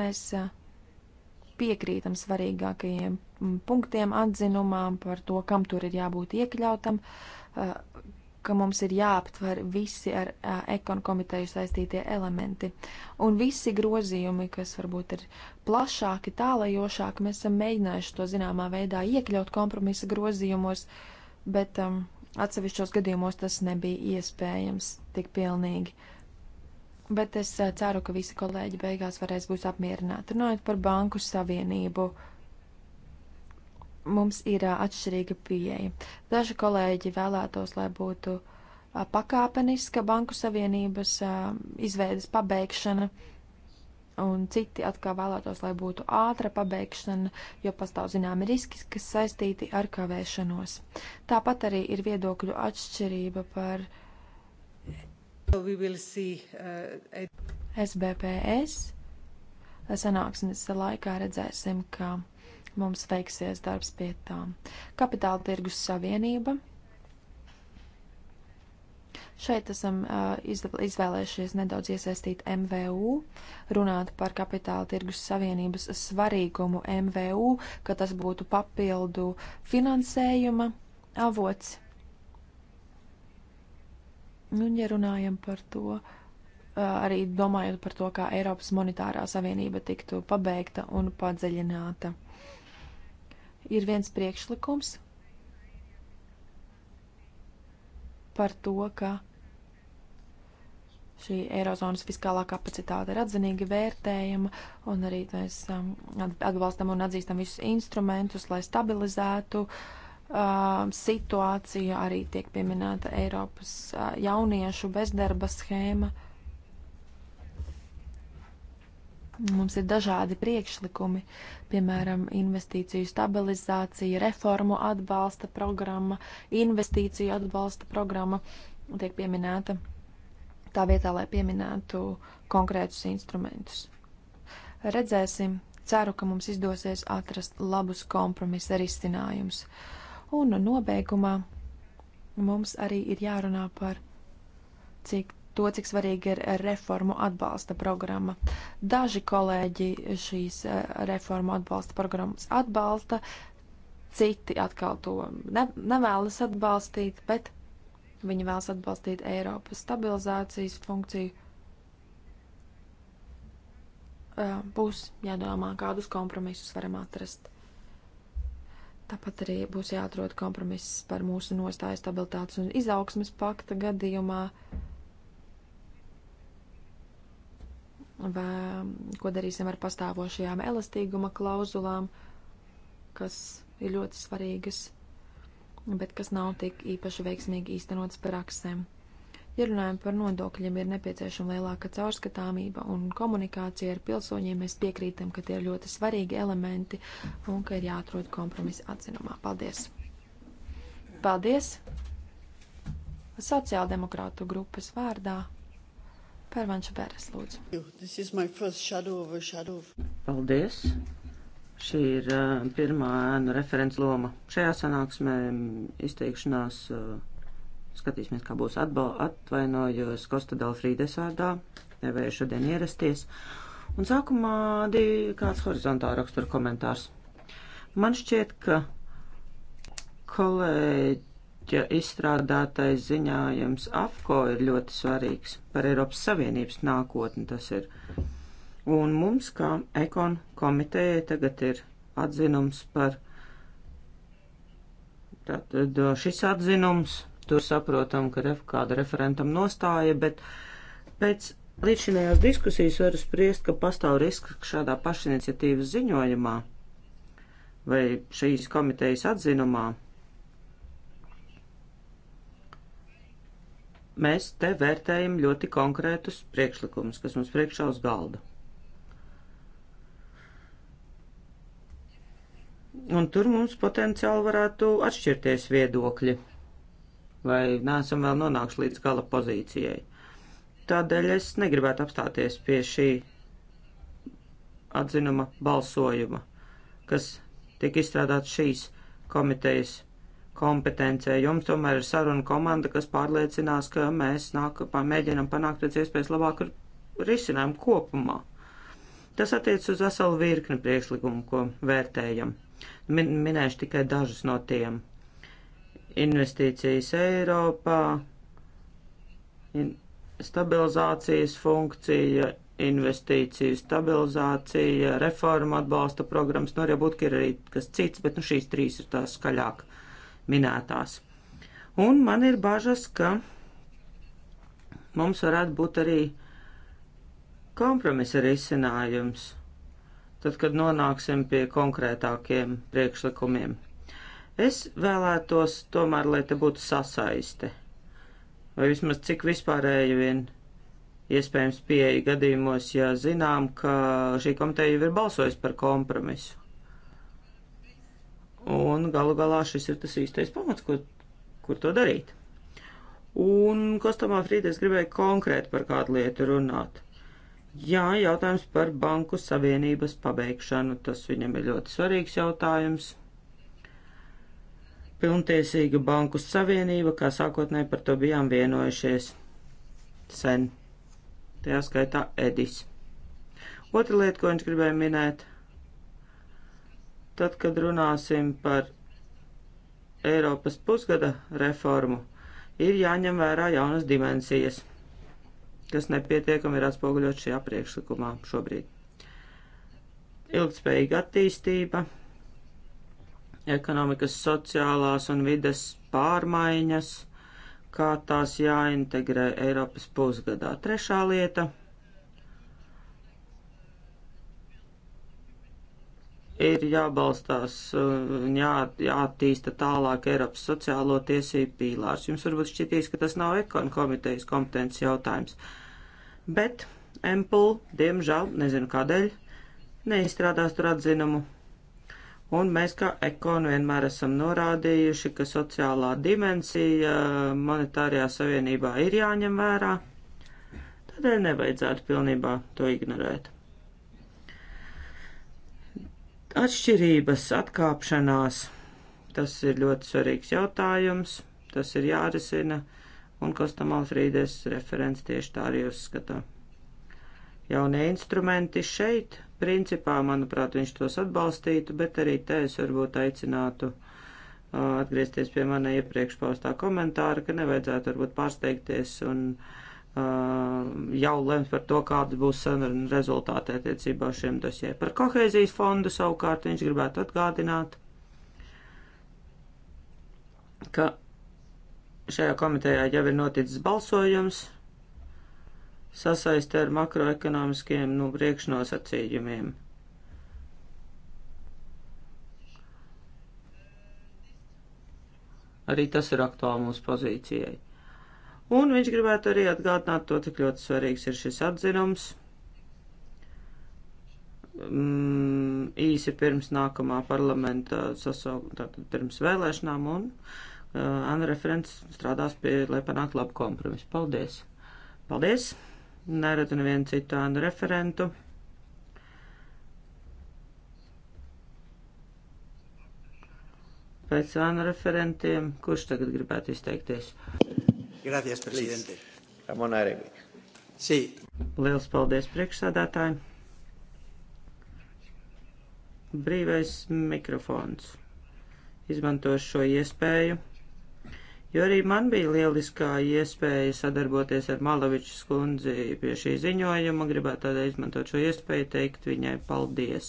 mēs piekrītam svarīgākajiem punktiem atzinumām par to, kam tur ir jābūt iekļautam, ka mums ir jāaptver visi ar ekonu komiteju saistītie elementi. Un visi grozījumi, kas varbūt ir plašāki, tālajošāki, mēs esam mēģinājuši to zināmā veidā iekļaut kompromisa grozījumos, bet um, Atsevišķos gadījumos tas nebija iespējams tik pilnīgi. Bet es eh, ceru, ka visi kolēģi beigās varēs būt apmierināti. Runājot par banku savienību, mums ir eh, atšķirīga pieeja. Daži kolēģi vēlētos, lai būtu eh, pakāpeniska banku savienības izveidas pabeigšana. Uh, un citi atkal vēlētos, lai būtu ātra pabeigšana, jo pastāv zināmi riski, kas saistīti ar kavēšanos. Tāpat arī ir viedokļu atšķirība par SBPS. Uh, sanāksmes laikā redzēsim, ka mums veiksies darbs pie tām. Kapitāla tirgus savienība Šeit esam izvēlējušies nedaudz iesaistīt MVU, runāt par kapitāla tirgus savienības svarīgumu MVU, ka tas būtu papildu finansējuma avots. Un, ja runājam par to, arī domājot par to, kā Eiropas monetārā savienība tiktu pabeigta un padziļināta. Ir viens priekšlikums par to, ka šī Eirozonas fiskālā kapacitāte ir atzinīgi vērtējama, un arī mēs um, atbalstam un atzīstam visus instrumentus, lai stabilizētu um, situāciju. Arī tiek pieminēta Eiropas uh, jauniešu bezdarba schēma. Mums ir dažādi priekšlikumi, piemēram, investīciju stabilizācija, reformu atbalsta programma, investīciju atbalsta programma tiek pieminēta tā vietā, lai pieminētu konkrētus instrumentus. Redzēsim, ceru, ka mums izdosies atrast labus kompromisa risinājumus. Un nobeigumā mums arī ir jārunā par cik, to, cik svarīga ir reformu atbalsta programma. Daži kolēģi šīs eh, reformu atbalsta programmas atbalsta, citi atkal to ne, nevēlas atbalstīt, bet Viņa vēlas atbalstīt Eiropas stabilizācijas funkciju. Būs jādomā, kādus kompromisus varam atrast. Tāpat arī būs jāatrod kompromiss par mūsu nostāju stabilitātes un izaugsmes pakta gadījumā. Vai, ko darīsim ar pastāvošajām elastīguma klauzulām, kas ir ļoti svarīgas bet kas nav tik īpaši veiksmīgi īstenotas praksēm. Ja runājam par nodokļiem, ir nepieciešama lielāka caurskatāmība un komunikācija ar pilsoņiem. Mēs piekrītam, ka tie ir ļoti svarīgi elementi un ka ir jāatrod kompromisi atzinumā. Paldies! Paldies! Sociāldemokrātu grupas vārdā Pērvanša Bēres lūdzu. Paldies! Šī ir uh, pirmā ēnu referents loma. Šajā sanāksmē izteikšanās uh, skatīsimies, kā būs atbal, atvainojos Kosta Dalfrīdes vārdā, nevēju šodien ierasties. Un sākumā divi kāds horizontāla rakstura komentārs. Man šķiet, ka kolēģa izstrādātais ziņājums AFCO ir ļoti svarīgs par Eiropas Savienības nākotni. Tas ir. Uh, Un mums, kā ekon komitejai, tagad ir atzinums par tātad šis atzinums. Tur saprotam, ka ref, kāda referentam nostāja, bet pēc līdzinējās diskusijas var spriest, ka pastāv risks, ka šādā pašiniciatīvas ziņojumā vai šīs komitejas atzinumā mēs te vērtējam ļoti konkrētus priekšlikumus, kas mums priekšā uz galda. Un tur mums potenciāli varētu atšķirties viedokļi, vai neesam vēl nonākuši līdz gala pozīcijai. Tādēļ es negribētu apstāties pie šī atzinuma balsojuma, kas tika izstrādāts šīs komitejas kompetencē. Jums tomēr ir saruna komanda, kas pārliecinās, ka mēs nāk, mēģinam panākt pēc iespējas labāku risinājumu kopumā. Tas attiec uz veselu virkni priekšlikumu, ko vērtējam. Min minēšu tikai dažus no tiem. Investīcijas Eiropā, in stabilizācijas funkcija, investīciju stabilizācija, reforma atbalsta programmas, nu, varbūt ir arī kas cits, bet nu, šīs trīs ir tās skaļāk minētās. Un man ir bažas, ka mums varētu būt arī kompromisa risinājums tad, kad nonāksim pie konkrētākiem priekšlikumiem. Es vēlētos tomēr, lai te būtu sasaiste, vai vismaz cik vispārēji vien iespējams pieeja gadījumos, ja zinām, ka šī komiteja jau ir balsojusi par kompromisu. Un galu galā šis ir tas īstais pamats, kur, kur to darīt. Un Kostamā Frīdēs gribēja konkrēti par kādu lietu runāt. Jā, jautājums par banku savienības pabeigšanu. Tas viņam ir ļoti svarīgs jautājums. Pilntiesīga banku savienība, kā sākotnēji par to bijām vienojušies sen. Tajā skaitā Edis. Otra lieta, ko viņš gribēja minēt, tad, kad runāsim par Eiropas pusgada reformu, ir jāņem vērā jaunas dimensijas kas nepietiekami ir atspoguļot šajā priekšlikumā šobrīd. Ilgtspējīga attīstība, ekonomikas, sociālās un vides pārmaiņas, kā tās jāintegrē Eiropas pusgadā. Trešā lieta ir jābalstās un jā, jāattīsta tālāk Eiropas sociālo tiesību pīlārs. Jums varbūt šķitīs, ka tas nav ekonu komitejas kompetences jautājums. Bet Empel, diemžēl, nezinu kādēļ, neizstrādās tur atzinumu. Un mēs kā ekonu vienmēr esam norādījuši, ka sociālā dimensija monetārajā savienībā ir jāņem vērā. Tādēļ nevajadzētu pilnībā to ignorēt. Atšķirības, atkāpšanās, tas ir ļoti svarīgs jautājums, tas ir jārisina, un Kostamāls Rīdes referents tieši tā arī uzskata. Jaunie instrumenti šeit, principā, manuprāt, viņš tos atbalstītu, bet arī te es varbūt aicinātu uh, atgriezties pie mana iepriekš paustā komentāra, ka nevajadzētu varbūt pārsteigties un uh, Uh, jau lems par to, kāda būs saruna rezultāti attiecībā uz šiem dosiem. Par kohēzijas fondu savukārt viņš gribētu atgādināt, ka šajā komitejā jau ir noticis balsojums sasaistē ar makroekonomiskiem nu, priekšnosacījumiem. Arī tas ir aktuāli mūsu pozīcijai. Un viņš gribētu arī atgādināt to, cik ļoti svarīgs ir šis atzinums. Mm, īsi pirms nākamā parlamenta sasaukuma, pirms vēlēšanām, un uh, Anna Referents strādās pie, lai panāktu labu kompromisu. Paldies! Paldies! Neredzu nevienu citu Anna Referentu. Pēc Anna Referentiem, kurš tagad gribētu izteikties? Gracias, presidente. Ramona Arevik. Sí. Liels paldies priekšsādātājiem. Brīvais mikrofons. Izmantošu šo iespēju, jo arī man bija lieliskā iespēja sadarboties ar Malaviču skundzi pie šī ziņojuma. Gribētu tādēļ izmantot šo iespēju teikt viņai paldies.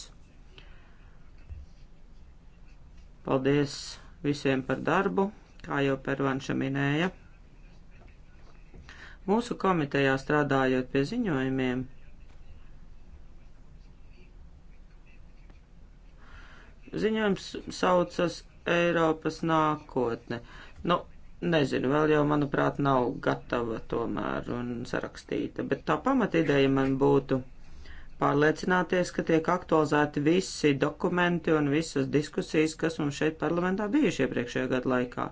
Paldies visiem par darbu, kā jau Pervanša minēja. Mūsu komitejā strādājot pie ziņojumiem, ziņojums saucas Eiropas nākotne. Nu, nezinu, vēl jau, manuprāt, nav gatava tomēr un sarakstīta, bet tā pamatideja man būtu pārliecināties, ka tiek aktualizēti visi dokumenti un visas diskusijas, kas mums šeit parlamentā bijuši iepriekšējā gada laikā.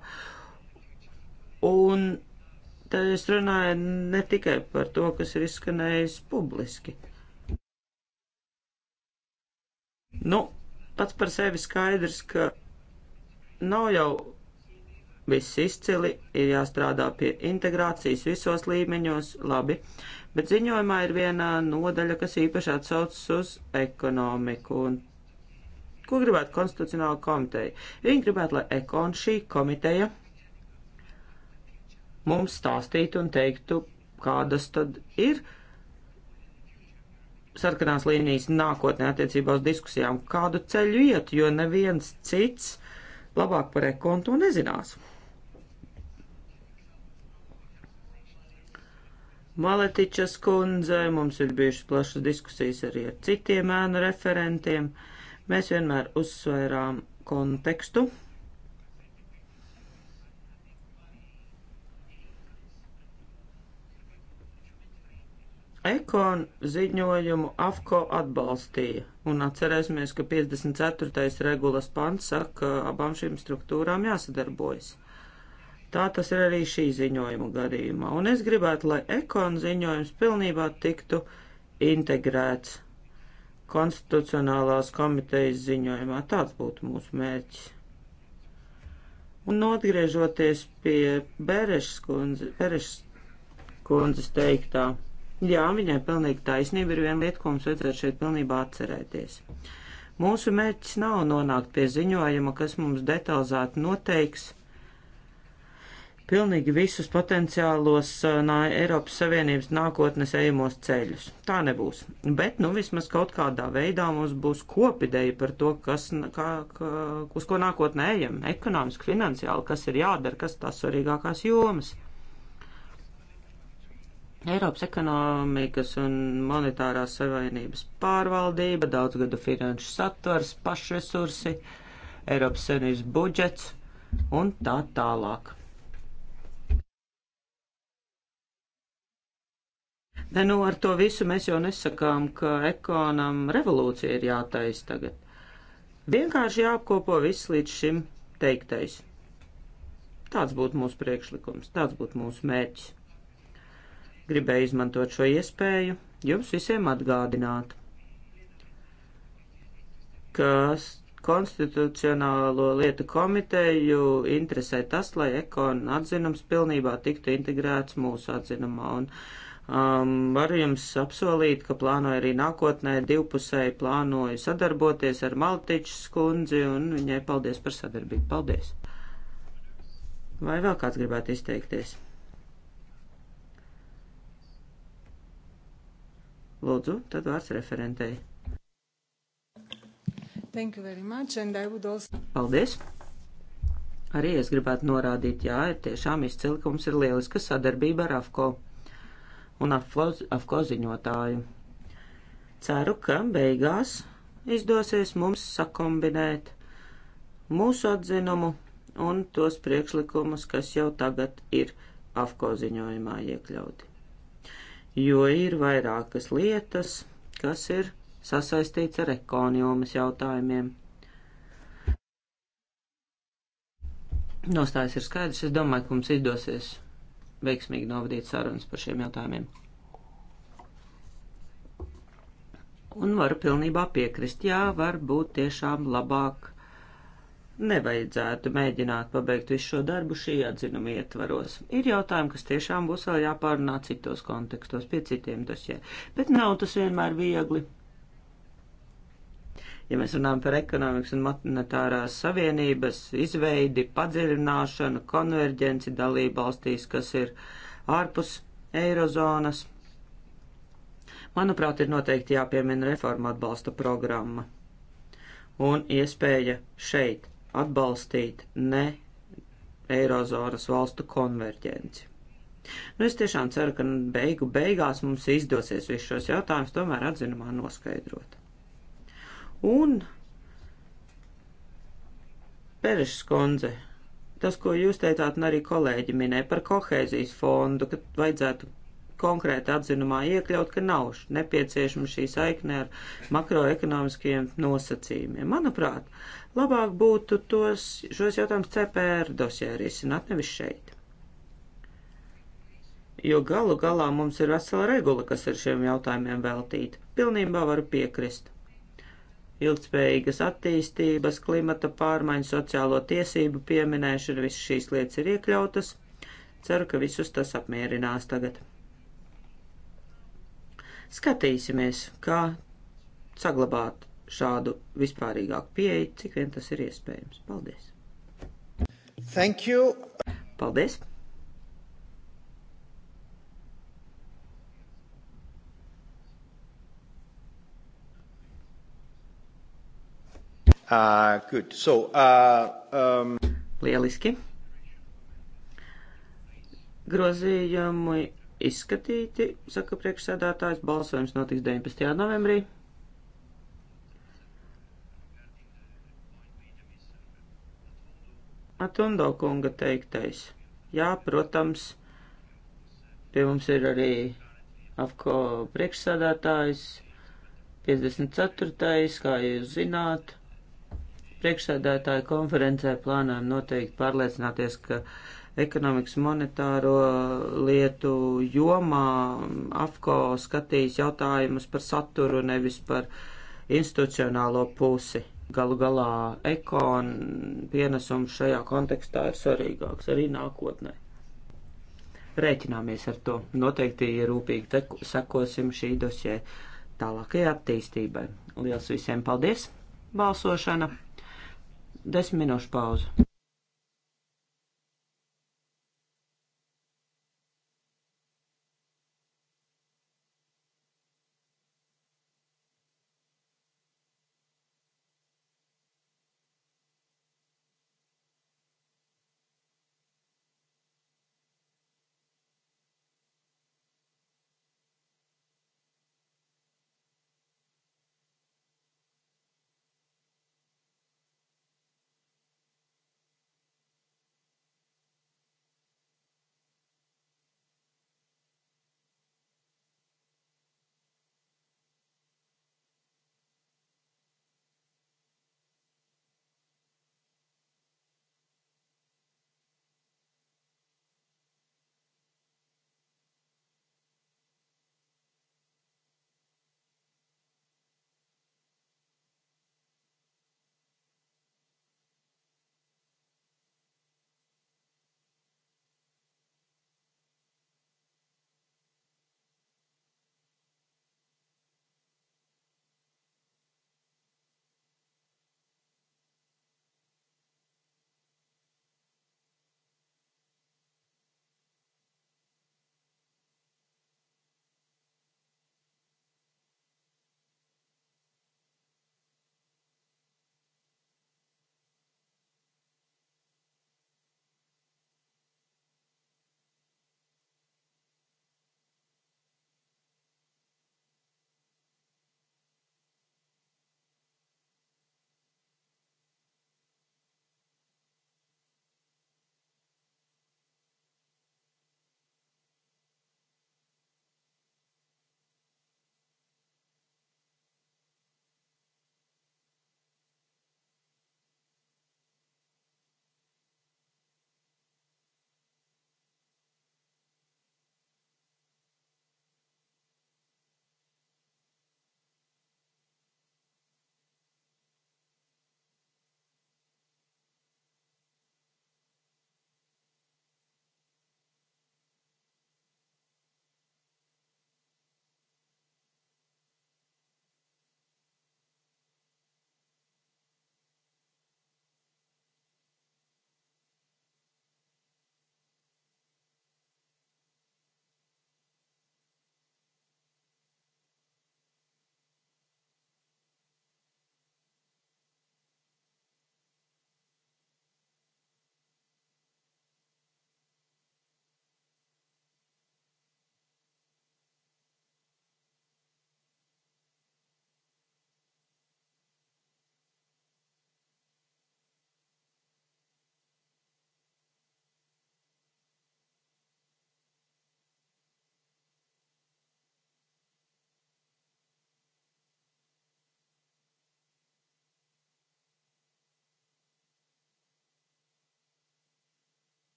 Un Te es runāju ne tikai par to, kas ir izskanējis publiski. Nu, pats par sevi skaidrs, ka nav jau viss izcili, ir jāstrādā pie integrācijas visos līmeņos, labi, bet ziņojumā ir viena nodaļa, kas īpaši atsaucas uz ekonomiku. Un ko gribētu konstitucionāla komiteja? Viņi gribētu, lai ekon šī komiteja mums stāstītu un teiktu, kādas tad ir sarkanās līnijas nākotnē attiecībā uz diskusijām, kādu ceļu iet, jo neviens cits labāk par ekontu nezinās. Maletičas kundze, mums ir bijušas plašas diskusijas arī ar citiem ēnu referentiem. Mēs vienmēr uzsvērām kontekstu, Ekon ziņojumu AFCO atbalstīja, un atcerēsimies, ka 54. regulas pants saka, ka abām šīm struktūrām jāsadarbojas. Tā tas ir arī šī ziņojuma gadījumā, un es gribētu, lai Ekon ziņojums pilnībā tiktu integrēts konstitucionālās komitejas ziņojumā. Tāds būtu mūsu mērķis. Un atgriežoties pie Berešas kundzes, Berešas kundzes teiktā. Jā, viņai pilnīgi taisnība ir viena lieta, ko mums vajadzētu šeit pilnībā atcerēties. Mūsu mērķis nav nonākt pie ziņojuma, kas mums detalizēti noteiks pilnīgi visus potenciālos nā, Eiropas Savienības nākotnes ejamos ceļus. Tā nebūs. Bet, nu, vismaz kaut kādā veidā mums būs kopideja par to, kas, kā, kā, uz ko nākotnē ejam - ekonomiski, finansiāli, kas ir jādara, kas tās svarīgākās jomas. Eiropas ekonomikas un monetārās savienības pārvaldība, daudzgadu finanšu satvars, pašresursi, Eiropas savienības budžets un tā tālāk. Ne, nu, ar to visu mēs jau nesakām, ka ekonam revolūcija ir jātais tagad. Vienkārši jāapkopo viss līdz šim teiktais. Tāds būtu mūsu priekšlikums, tāds būtu mūsu mērķis. Gribēju izmantot šo iespēju jums visiem atgādināt, ka Konstitucionālo lietu komiteju interesē tas, lai ekonu atzinums pilnībā tiktu integrēts mūsu atzinumā. Un, um, varu jums apsolīt, ka plānoju arī nākotnē divpusēji plānoju sadarboties ar Maltiču skundzi un viņai paldies par sadarbību. Paldies! Vai vēl kāds gribētu izteikties? Lūdzu, tad vārds referentei. Thank you very much, and I would also... Paldies! Arī es gribētu norādīt, jā, ir tiešām izcili, ka mums ir lieliska sadarbība ar AFCO un AFCO ziņotāju. Ceru, ka beigās izdosies mums sakombinēt mūsu atzinumu un tos priekšlikumus, kas jau tagad ir AFCO ziņojumā iekļauti jo ir vairākas lietas, kas ir sasaistīts ar ekonomas jautājumiem. Nostājas ir skaidrs. Es domāju, ka mums izdosies veiksmīgi novadīt sarunas par šiem jautājumiem. Un varu pilnībā piekrist, jā, var būt tiešām labāk nevajadzētu mēģināt pabeigt visu šo darbu šī atzinuma ietvaros. Ir jautājumi, kas tiešām būs vēl jāpārunā citos kontekstos, pie citiem dosjē, bet nav tas vienmēr viegli. Ja mēs runājam par ekonomikas un monetārās savienības izveidi, padziļināšanu, konverģenci dalību valstīs, kas ir ārpus eirozonas, manuprāt, ir noteikti jāpiemina reforma atbalsta programma un iespēja šeit atbalstīt ne Eirozonas valstu konverģenci. Nu, es tiešām ceru, ka beigu beigās mums izdosies visus šos jautājumus tomēr atzinumā noskaidrot. Un Perešs kundze, tas, ko jūs teicāt, un arī kolēģi minēja par kohēzijas fondu, ka vajadzētu konkrēti atzinumā iekļaut, ka nav nepieciešama šī saikne ar makroekonomiskiem nosacījumiem. Manuprāt, labāk būtu tos, šos jautājumus CPR dosē risināt, nevis šeit. Jo galu galā mums ir vesela regula, kas ar šiem jautājumiem veltīta. Pilnībā varu piekrist ilgspējīgas attīstības, klimata pārmaiņu, sociālo tiesību pieminēšana, visas šīs lietas ir iekļautas. Ceru, ka visus tas apmierinās tagad. Skatīsimies, kā saglabāt šādu vispārīgāku pieeju, cik vien tas ir iespējams. Paldies! Thank you! Paldies! Uh, good. So, uh, um... Lieliski. Grozījumi izskatīti, saka priekšsēdētājs, balsojums notiks 19. novembrī. Atundo kunga teiktais. Jā, protams, pie mums ir arī AFCO priekšsēdētājs, 54. kā jūs zināt, priekšsēdētāja konferencē plānojam noteikti pārliecināties, ka uh, ekonomikas monetāro lietu jomā AFCO skatīs jautājumus par saturu, nevis par institucionālo pusi. Galu galā ekon pienesums šajā kontekstā ir svarīgāks arī nākotnē. Rēķināmies ar to. Noteikti rūpīgi sekosim šī dosie tālākajai attīstībai. Lielas visiem paldies! Balsošana! Desmit minūšu pauze.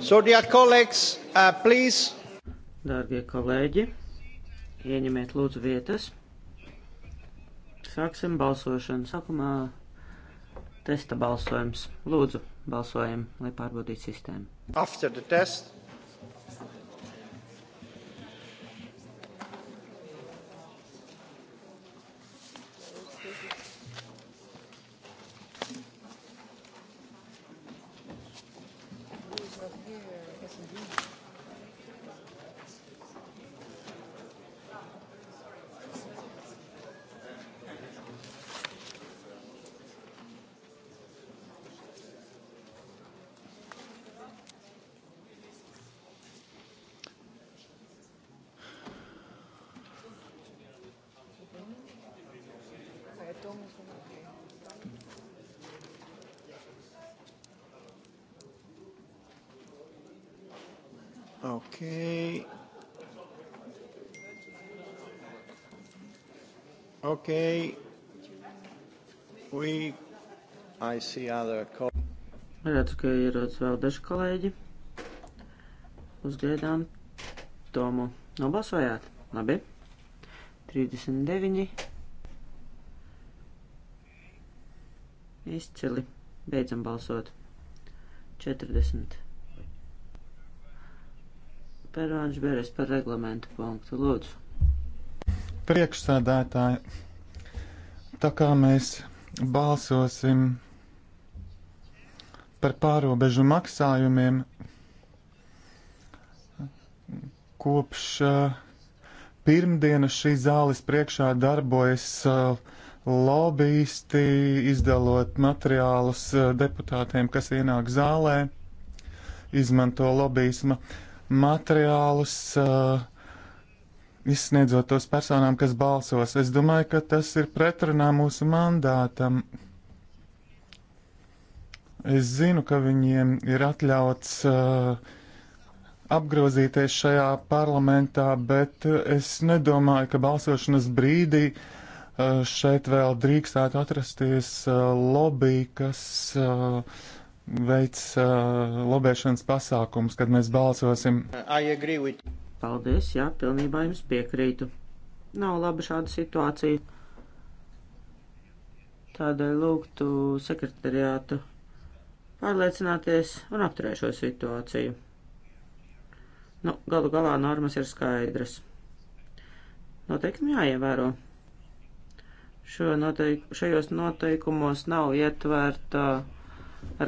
So, dear colleagues, uh, please. Dārgie kolēģi, ieņemiet lūdzu vietas. Sāksim balsošanu. Sākumā testa balsojums. Lūdzu, balsojam, lai pārbaudītu sistēmu. After the test. Okay. We... I see other Redzu, ka ierodas vēl daži kolēģi. Uzgaidām Tomu. Nobalsojāt? Labi. 39. Izcili. Beidzam balsot. 40. Pērāņš Beres par reglamentu punktu. Lūdzu. Priekšsēdētāji Tā kā mēs balsosim par pārobežu maksājumiem kopš uh, pirmdienas šī zāles priekšā darbojas uh, lobbyisti, izdalot materiālus uh, deputātiem, kas ienāk zālē, izmanto lobbyisma materiālus. Uh, izsniedzot tos personām, kas balsos. Es domāju, ka tas ir pretrunā mūsu mandātam. Es zinu, ka viņiem ir atļauts uh, apgrozīties šajā parlamentā, bet uh, es nedomāju, ka balsošanas brīdī uh, šeit vēl drīkstētu atrasties uh, lobby, kas uh, veic uh, lobēšanas pasākums, kad mēs balsosim. Uh, Paldies, jā, pilnībā jums piekrītu. Nav laba šāda situācija. Tādēļ lūgtu sekretariātu pārliecināties un apturēt šo situāciju. Nu, galu galā normas ir skaidras. Noteikumi jāievēro. Šo noteik šajos noteikumos nav ietverta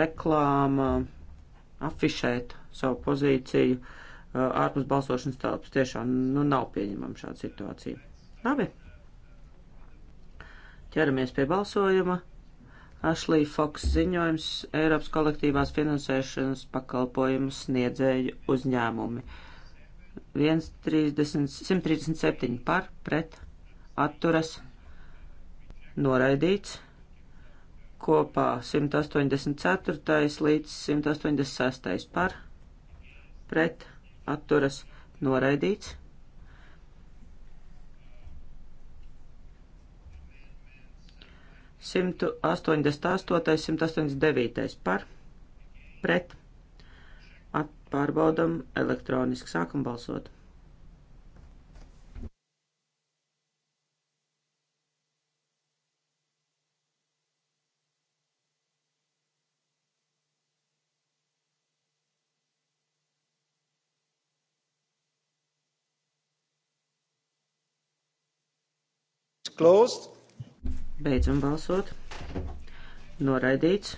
reklāma afišēt savu pozīciju. Uh, ārpus balsošanas telpas. Tiešām nu, nav pieņemama šāda situācija. Labi. Ķeramies pie balsojuma. Ashley Fox ziņojums Eiropas kolektīvās finansēšanas pakalpojumu sniedzēju uzņēmumi. 130, 137 par, pret, atturas, noraidīts, kopā 184 līdz 186 par, pret, atturas atturas noraidīts. Simtu astoņdesmit astotais, simt astoņdesmit devītais par, pret, at, pārbaudam elektroniski, sākam balsot. Closed. Beidzam balsot. Noraidīts.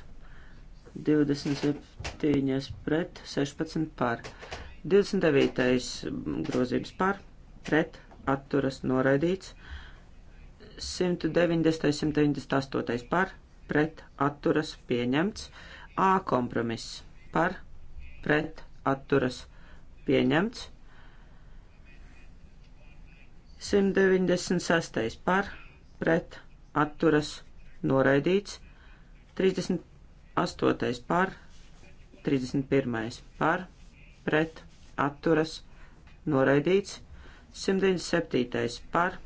27 pret, 16 par. 29. grozījums par, pret, atturas, noraidīts. 190. 198. par, pret, atturas, pieņemts. A kompromiss par, pret, atturas, pieņemts. 196. par, pret, atturas, noraidīts. 38. par, 31. par, pret, atturas, noraidīts. 197. par,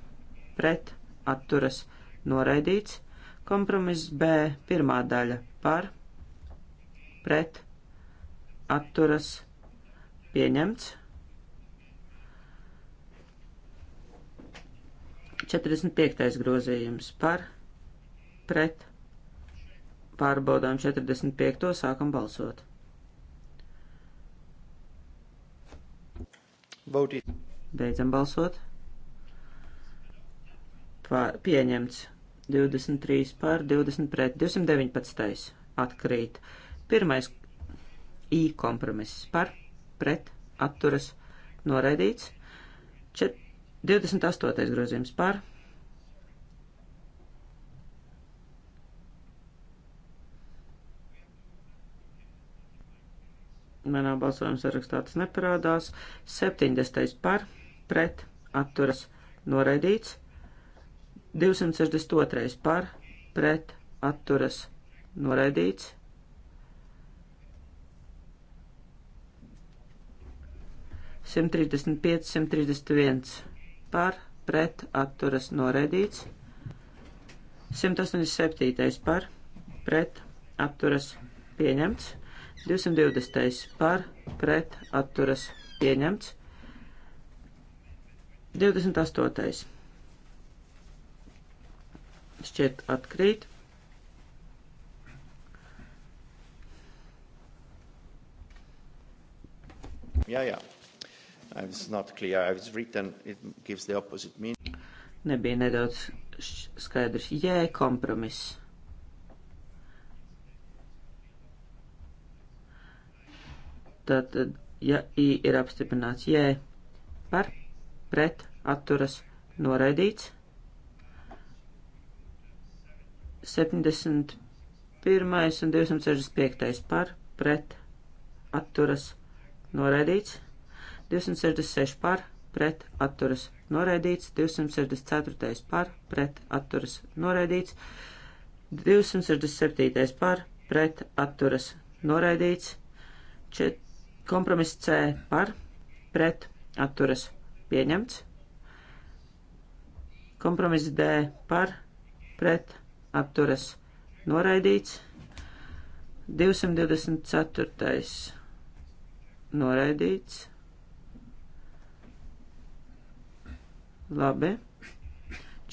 pret, atturas, noraidīts. Kompromiss B, pirmā daļa par, pret, atturas, pieņemts 45. grozījums par, pret, pārbaudām 45. sākam balsot. Voted. Beidzam balsot. Pār, pieņemts 23 pār 20 pret 219. atkrīt. Pirmais I kompromiss par, pret, atturas, noraidīts. 4. 28. grozījums par. Manā balsojuma sarakstā tas neparādās. 70. par, pret, atturas, noraidīts. 262. par, pret, atturas, noraidīts. 135, 131 par pret atturas noraidīts. 187. par pret atturas pieņemts. 220. par pret atturas pieņemts. 28. šķiet atkrīt. Jā, jā. It's not clear. It's written, it gives the opposite meaning. Nebija nedaudz skaidrs. Jē, kompromiss. Tātad, ja I ir apstiprināts jē, par, pret, atturas, noraidīts. 71. un 265. par, pret, atturas, noraidīts. 266 par pret atturas noraidīts, 264 par pret atturas noraidīts, 267 par pret atturas noraidīts, Čet, kompromiss C par pret atturas pieņemts, kompromiss D par pret atturas noraidīts, 224 noraidīts. Labi.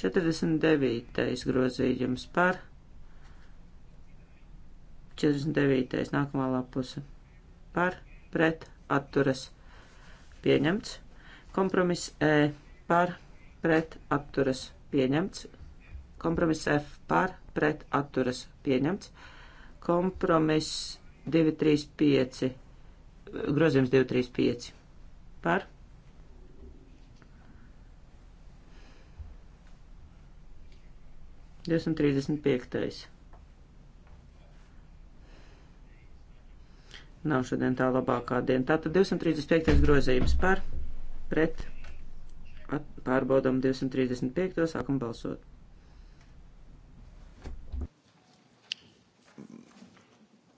49. grozījums par 49. nākamā lapuse par pret atturas pieņemts. Kompromiss E par pret atturas pieņemts. Kompromiss F par pret atturas pieņemts. Kompromiss 235 grozījums 235 par 235. Nav šodien tā labākā diena. Tātad 235. grozījums par, pret, at, pārbaudam 235. sākam balsot.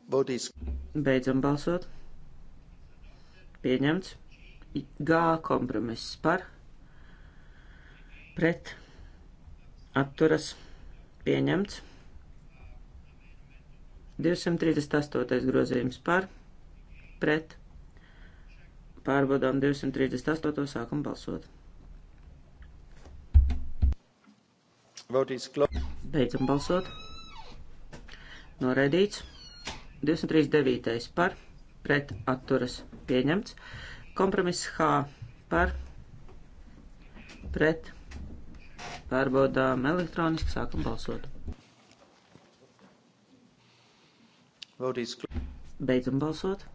Baudīs. Beidzam balsot. Pieņemts. G kompromiss par, pret, atturas Pieņemts. 238. grozījums par, pret. Pārbaudām 238. sākam balsot. Beidzam balsot. Noraidīts. 239. par, pret atturas pieņemts. Kompromiss H par, pret Pārbaudām elektroniski, sākam balsot. Beidzam balsot.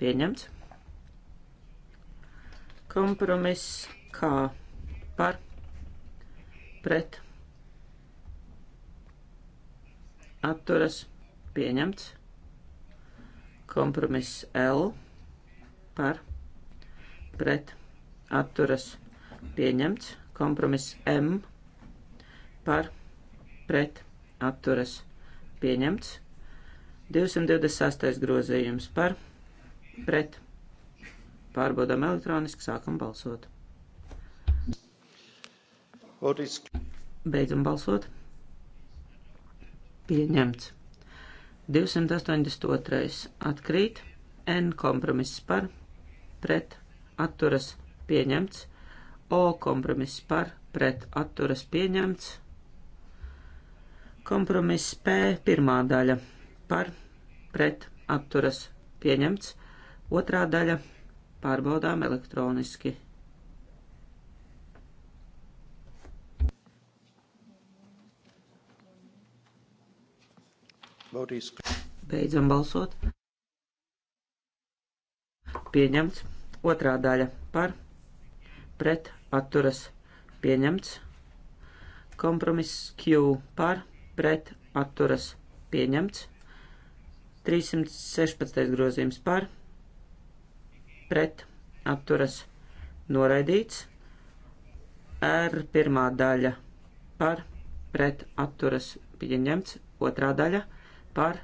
Pieņemts. Kompromiss kā par pret atturas pieņemts. Kompromiss L par pret atturas pieņemts. Kompromiss M par pret atturas pieņemts. 226. grozījums par pret. Pārbaudām elektroniski, sākam balsot. Beidzam balsot. Pieņemts. 282. atkrīt. N kompromiss par pret atturas pieņemts. O kompromiss par pret atturas pieņemts. Kompromiss P pirmā daļa par pret atturas pieņemts. Otrā daļa pārbaudām elektroniski. Beidzam balsot. Pieņemts. Otrā daļa par pret atturas pieņemts. Kompromiss Q par pret atturas pieņemts. 316. grozījums par pret atturas noraidīts. R pirmā daļa par pret atturas pieņemts. Otrā daļa par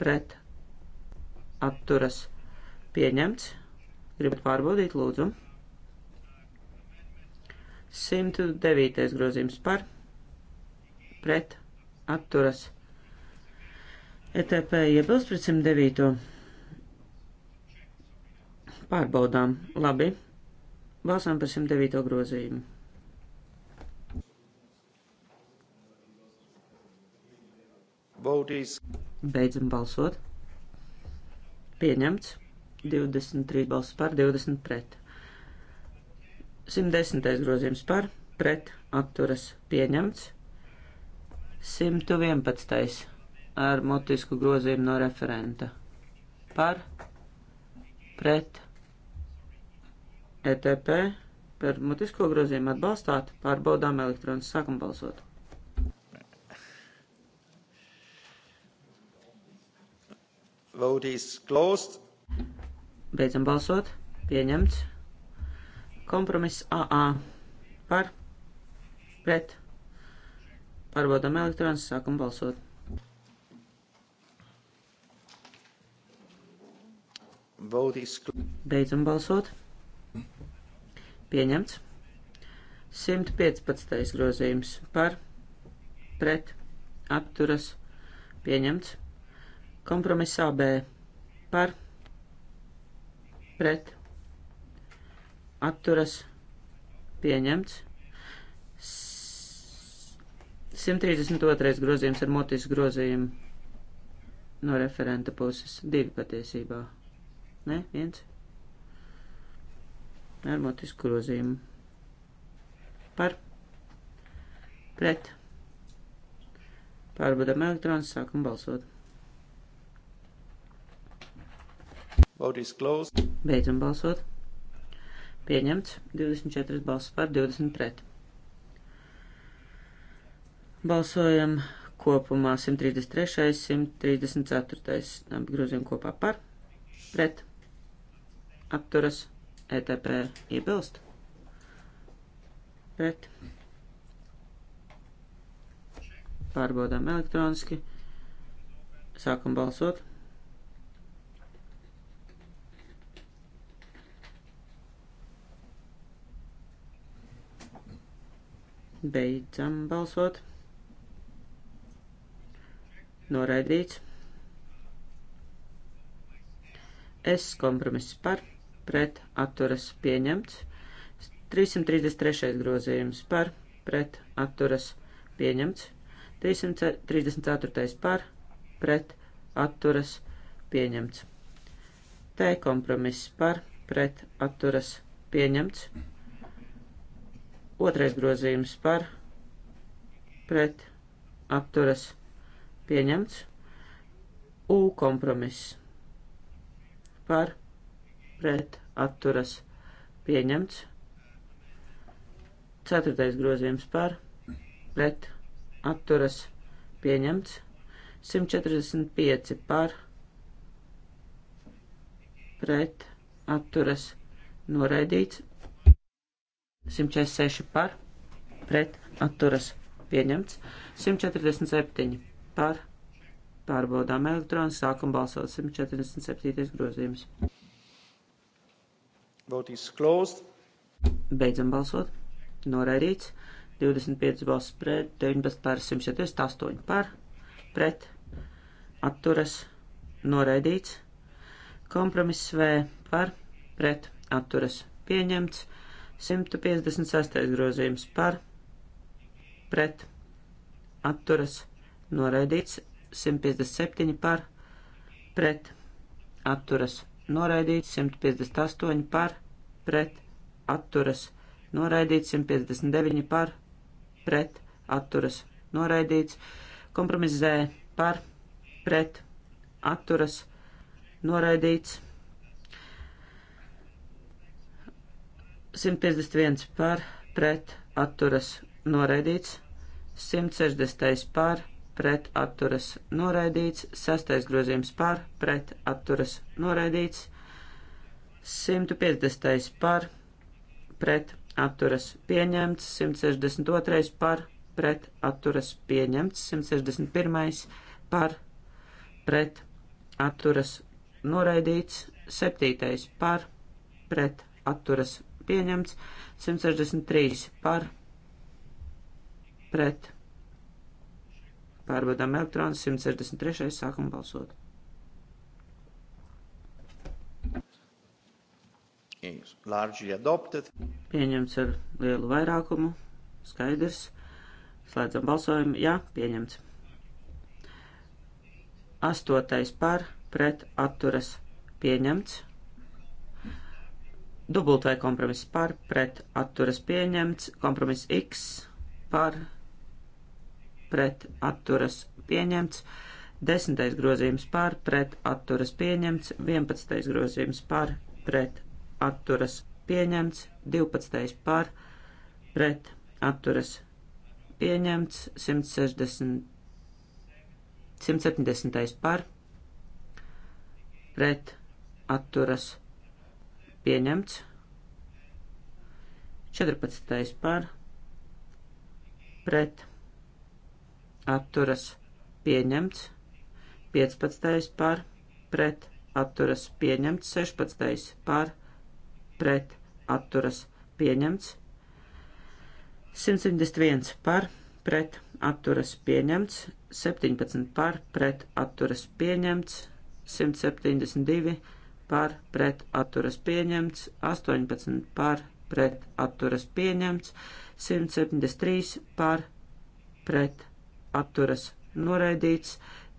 pret atturas pieņemts. Gribat pārbaudīt, lūdzu. 109. grozījums par pret atturas. ETP iebilst pret 109. Pārbaudām. Labi. Balsām par 109. grozījumu. Baudīs. Beidzam balsot. Pieņemts. 23 balsis par, 20 pret. 110. grozījums par, pret, atturas pieņemts. 111. ar motisku grozījumu no referenta par, pret, ETP par mutisko grozījumu atbalstāt, pārbaudām elektronas sākam balsot. Vote is closed. Beidzam balsot. Pieņemts. Kompromiss AA par pret. Pārbaudām elektronas, sākam balsot. Beidzam balsot. Pieņemts. 115. grozījums par pret apturas pieņemts. Kompromiss AB par pret atturas pieņemts. 132. grozījums ar motisku grozījumu no referenta puses. Divi patiesībā. Ne? Viens. Ar motisku grozījumu. Par. Pret. Pārbaudām elektrons, sākam balsot. Vote is closed. Beidzam balsot. Pieņemts 24 balss par 20 pret. Balsojam kopumā 133, 134, abi grozījumi kopā par, pret, apturas, ETP iebilst, pret, pārbaudām elektroniski, sākam balsot. Beidzam balsot. Noraidīts. S kompromiss par, pret, atturas pieņemts. 333. grozījums par, pret, atturas pieņemts. 334. par, pret, atturas pieņemts. T kompromiss par, pret, atturas pieņemts. Otrais grozījums par pret apturas pieņemts. U kompromiss par pret atturas pieņemts. Ceturtais grozījums par pret atturas pieņemts. 145 par pret atturas noraidīts. 146 par, pret, atturas pieņemts. 147 par, pārbaudām elektronu, sākam balsot 147 grozījums. Vote is closed. Beidzam balsot. Noraidīts. 25 balsts pret, 19 par, 148 par, pret, atturas, noraidīts. Kompromiss V par, pret, atturas, pieņemts. 156. grozījums par pret atturas noraidīts, 157 par pret atturas noraidīts, 158 par pret atturas noraidīts, 159 par pret atturas noraidīts, kompromiss Z par pret atturas noraidīts. 151 par pret atturas noraidīts, 160 par pret atturas noraidīts, 6. grozījums par pret atturas noraidīts, 150 par pret atturas pieņemts, 162 par pret atturas pieņemts, 161 par pret atturas noraidīts, 7. par pret atturas pieņemts 163 par pret. Pārbaudām elektronu 163. sākam balsot. Pieņemts ar lielu vairākumu. Skaidrs. Slēdzam balsojumu. Jā, pieņemts. Astotais par pret atturas pieņemts. Dubultai kompromiss par, pret, atturas pieņemts. Kompromiss X par, pret, atturas pieņemts. Desmitais grozījums par, pret, atturas pieņemts. Vienpadsmitais grozījums par, pret, atturas pieņemts. Divpadsmitais par, pret, atturas pieņemts. 160. 170. par, pret, atturas pieņemts pieņemts. 14. par pret atturas pieņemts. 15. par pret atturas pieņemts. 16. par pret atturas pieņemts. 171 par pret atturas pieņemts. 17 par pret atturas pieņemts. 172 par par pret atturas pieņemts, 18 par pret atturas pieņemts, 173 par pret atturas noraidīts,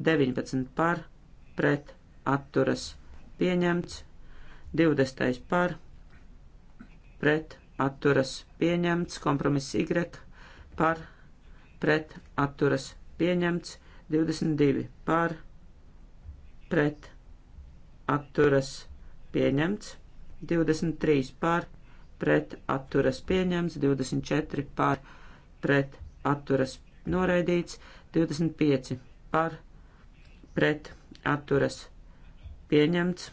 19 par pret atturas pieņemts, 20 par pret atturas pieņemts, kompromiss Y par pret atturas pieņemts, 22 par pret atturas pieņemts, 23 par pret atturas pieņemts, 24 par pret atturas noraidīts, 25 par pret atturas pieņemts,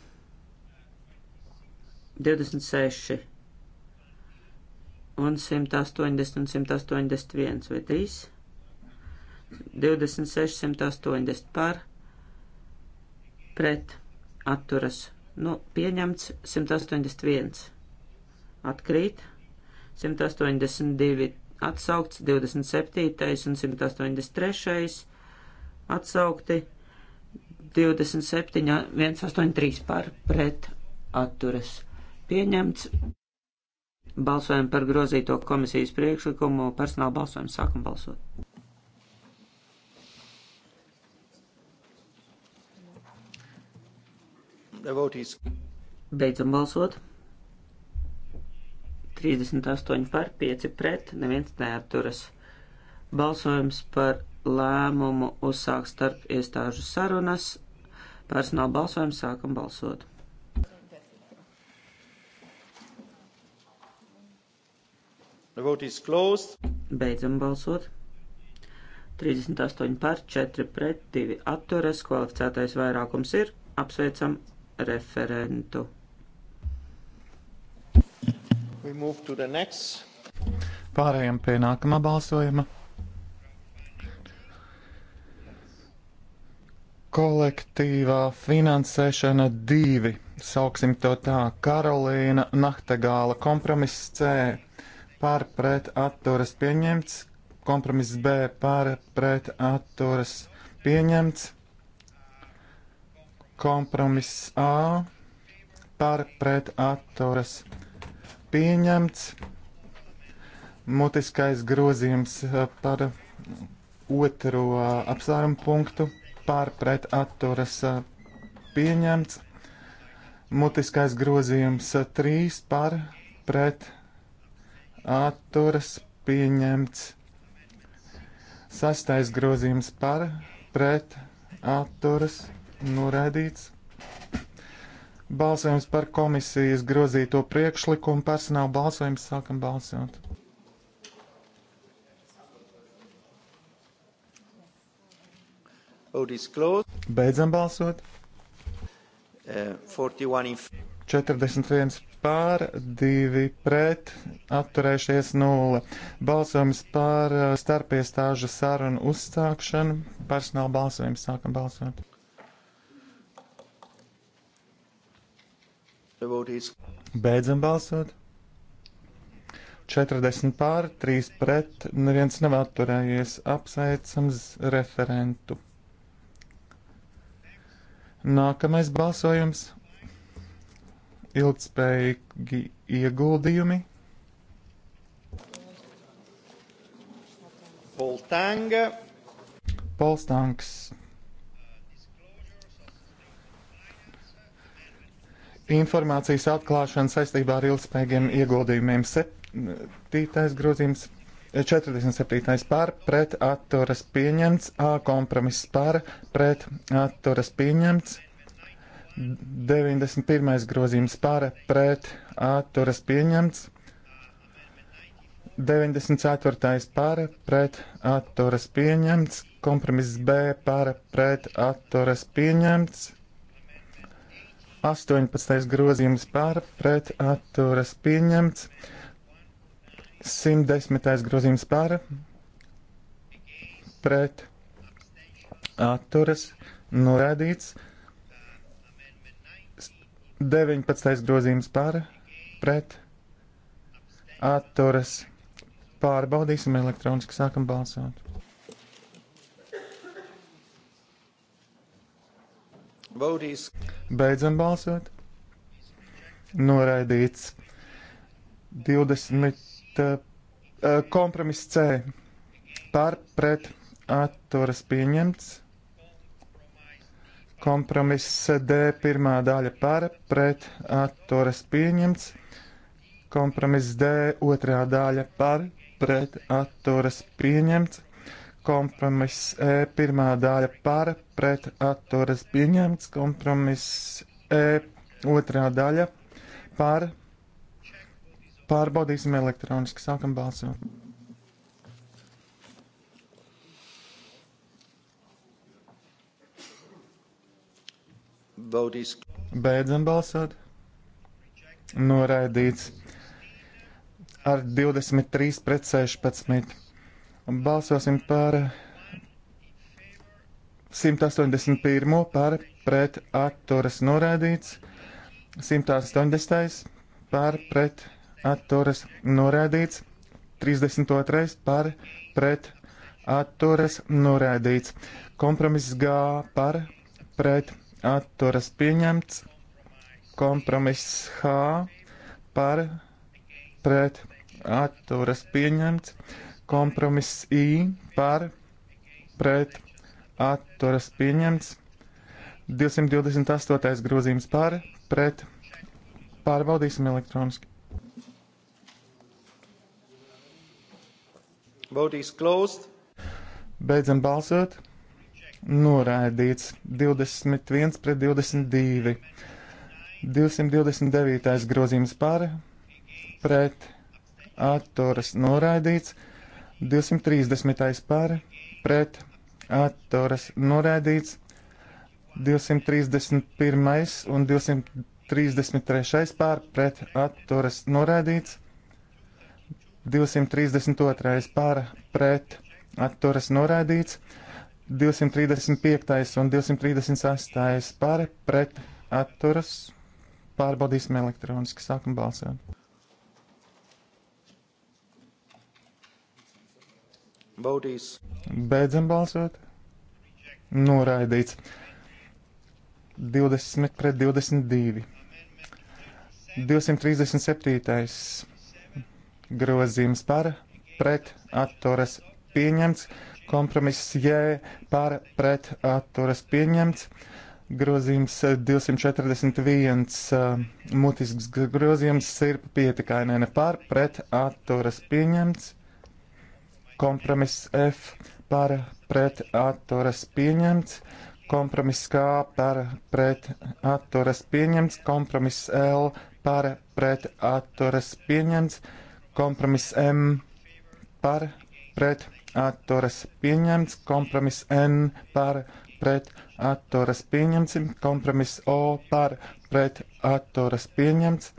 26 un 180 un 181 vai 3, 26, 180 par pret atturas atturas. Nu, pieņemts 181. Atkrīt. 182 atsaukts, 27. un 183. atsaukti. 27, 183 par pret atturas. Pieņemts. Balsojam par grozīto komisijas priekšlikumu. Personāla balsojumu sākam balsot. Beidzam balsot. 38 par, 5 pret, neviens neaturas. Balsojums par lēmumu uzsākt starp iestāžu sarunas. Personāla balsojums sākam balsot. Beidzam balsot. 38 par, 4 pret, 2 atturas, kvalificētais vairākums ir. Apsveicam referentu. Pārējām pie nākamā balsojuma. Kolektīvā finansēšana divi. Sauksim to tā Karolīna Nahtegāla kompromiss C par pret atturas pieņemts, kompromiss B par pret atturas pieņemts, Kompromiss A par pret atturas pieņemts. Mutiskais grozījums eh, par otro eh, apsvērumu punktu par pret atturas eh, pieņemts. Mutiskais grozījums 3 par pret atturas pieņemts. Sastais grozījums par pret atturas pieņemts Noraidīts. Balsojums par komisijas grozīto priekšlikumu personāla balsojums sākam balsot. Beidzam balsot. 41 uh, pār, 2 pret, atturējušies 0. Balsojums par uh, starpiestāžu sarunu uzstākšanu. Personāla balsojums sākam balsot. Beidzam balsot. 40 pār, 3 pret, neviens nav atturējies. Apsveicams referentu. Nākamais balsojums - ilgspējīgi ieguldījumi. Poltanga. Polstangs. informācijas atklāšana saistībā ar ilgspējīgiem ieguldījumiem. 7. grozījums 47. Eh, par pret atturas pieņemts, A kompromiss par pret atturas pieņemts, 91. grozījums par pret atturas pieņemts, 94. par pret atturas pieņemts, kompromiss B par pret atturas pieņemts, 18. grozījums par pret atturas pieņemts. 110. grozījums par pret atturas norādīts. 19. grozījums par pret atturas pārbaudīsim elektroniski sākam balsot. Beidzam balsot. Noraidīts 20. Uh, eh, eh, kompromiss C par pret atturas pieņemts. Kompromiss D pirmā daļa par pret atturas pieņemts. Kompromiss D otrā daļa par pret atturas pieņemts. Kompromiss E pirmā daļa par pret atturas pieņemts. Kompromiss E otrā daļa par. Pārbaudīsim elektroniski. Sākam balsot. Baudīs. Beidzam balsot. Noraidīts ar 23 pret 16. Balsosim par 181. par pret atturas norādīts, 180. par pret atturas norādīts, 32. par pret atturas norādīts, kompromiss G par pret atturas pieņemts, kompromiss H par pret atturas pieņemts Kompromiss I par pret atturas pieņemts. 228. grozījums par pret pārbaudīsim elektroniski. Vote is closed. Beidzam balsot. Noraidīts 21 pret 22. 229. grozījums par, pret atturas noraidīts. 230. par pret atturas norēdīts. 231. un 233. par pret atturas norēdīts. 232. par pret atturas norēdīts. 235. un 236. par pret atturas pārbaudīsim elektroniski sākam balsot. Baudīs. Beidzam balsot. Noraidīts. 20 pret 22. 237. grozījums par pret atturas pieņemts. Kompromiss J par pret atturas pieņemts. Grozījums 241. Mutisks grozījums ir pietikainēne par pret atturas pieņemts kompromiss F par pret atturas pieņemts, kompromiss K par pret atturas pieņemts, kompromiss L par pret atturas pieņemts, kompromiss M par pret atturas pieņemts, kompromiss N par pret atturas pieņemts, kompromiss O par pret atturas pieņemts,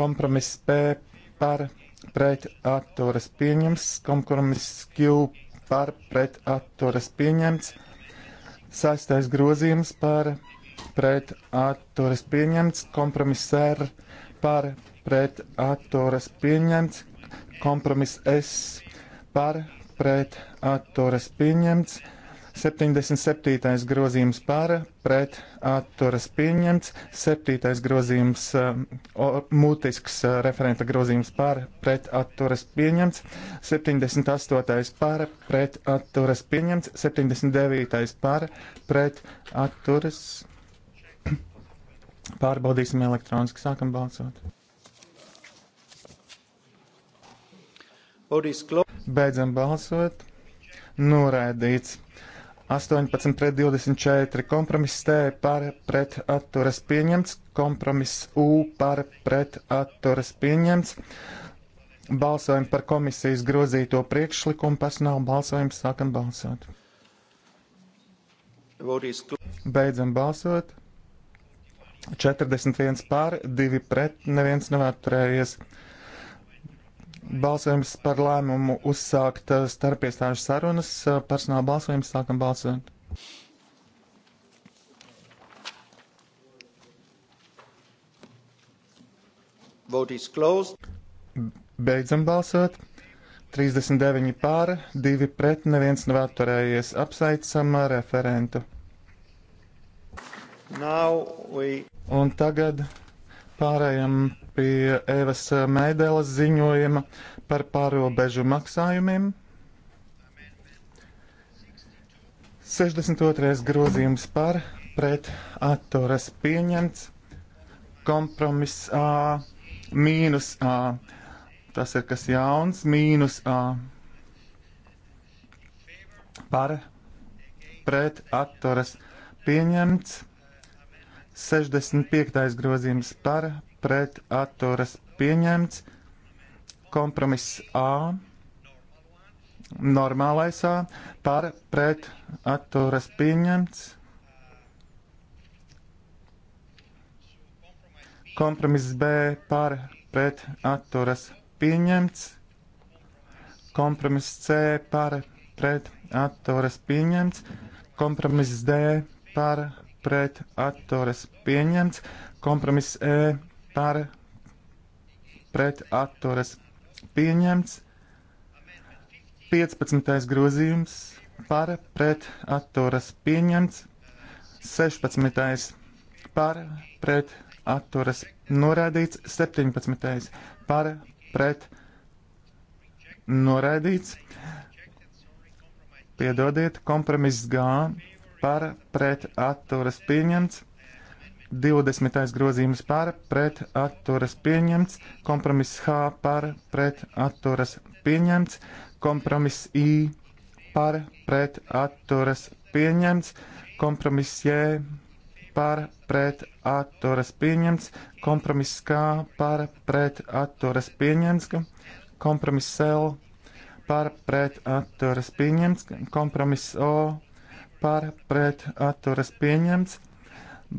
kompromiss P par pret pret atturas pieņemts, kompromiss Q par pret atturas pieņemts, sastais grozījums par pret atturas pieņemts, kompromiss R par pret atturas pieņemts, kompromiss S par pret atturas pieņemts, kompromiss 77. grozījums par pret atturas pieņemts, 7. grozījums eh, o, mutisks eh, referenta grozījums par pret atturas pieņemts, 78. par pret atturas pieņemts, 79. par pret atturas. Pārbaudīsim elektroniski, sākam balsot. Beidzam balsot. Noraidīts. 18 pret 24, kompromiss T par pret atturas pieņemts, kompromiss U par pret atturas pieņemts. Balsojam par komisijas grozīto priekšlikumu, personāla balsojumu sākam balsot. Beidzam balsot. 41 pār, 2 pret, neviens nevēturējies. turējies balsojums par lēmumu uzsākt eh, starpiestāžu sarunas. Eh, personāla balsojums sākam balsot. Vote is closed. Beidzam balsot. 39 pār, 2 pret, neviens nav atturējies. Apsveicam eh, referentu. We... Un tagad Pārējām pie Evas Mēdeles ziņojuma par pārobežu maksājumiem. 62. grozījums par pret atturas pieņemts. Kompromiss A mīnus A. Tas ir kas jauns. Mīnus A. Par pret atturas pieņemts. 65. grozījums par pret atturas pieņemts. Kompromiss A. Normālais A par pret atturas pieņemts. Kompromiss B par pret atturas pieņemts. Kompromiss C par pret atturas pieņemts. Kompromiss D par pret atturas pieņemts. Kompromiss E par pret atturas pieņemts. 15. grozījums par pret atturas pieņemts. 16. par pret atturas norādīts. 17. par pret norādīts. Piedodiet, kompromiss gā par pret atturas pieņemts. 20. grozījums par pret atturas pieņemts, kompromiss H par pret atturas pieņemts, kompromiss I par pret atturas pieņemts, kompromiss J par pret atturas pieņemts, kompromiss K par pret atturas pieņemts, kompromiss L par pret atturas pieņemts, kompromiss O par pret atturas pieņemts.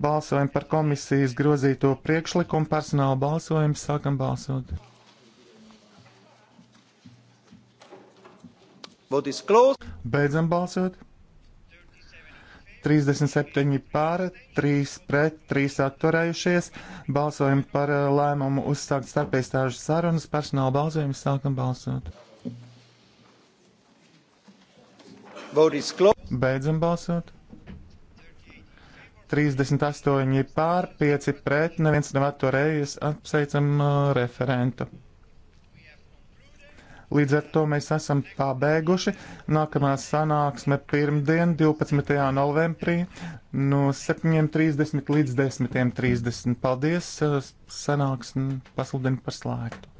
Balsojam par komisijas grozīto priekšlikumu personāla balsojumu. Sākam balsot. Beidzam balsot. 37 pār, 3 pret, 3 atturējušies. Balsojam par uh, lēmumu uzsākt starpiestāžu sarunas. Personāla balsojumu sākam balsot. Beidzam balsot. 38 pār, 5 pret, neviens nav atturējies, apsveicam uh, referentu. Līdz ar to mēs esam pabeiguši. Nākamā sanāksme pirmdien, 12. novembrī, no 7.30 līdz 10.30. Paldies! Uh, sanāksme pasludina par slēgtu.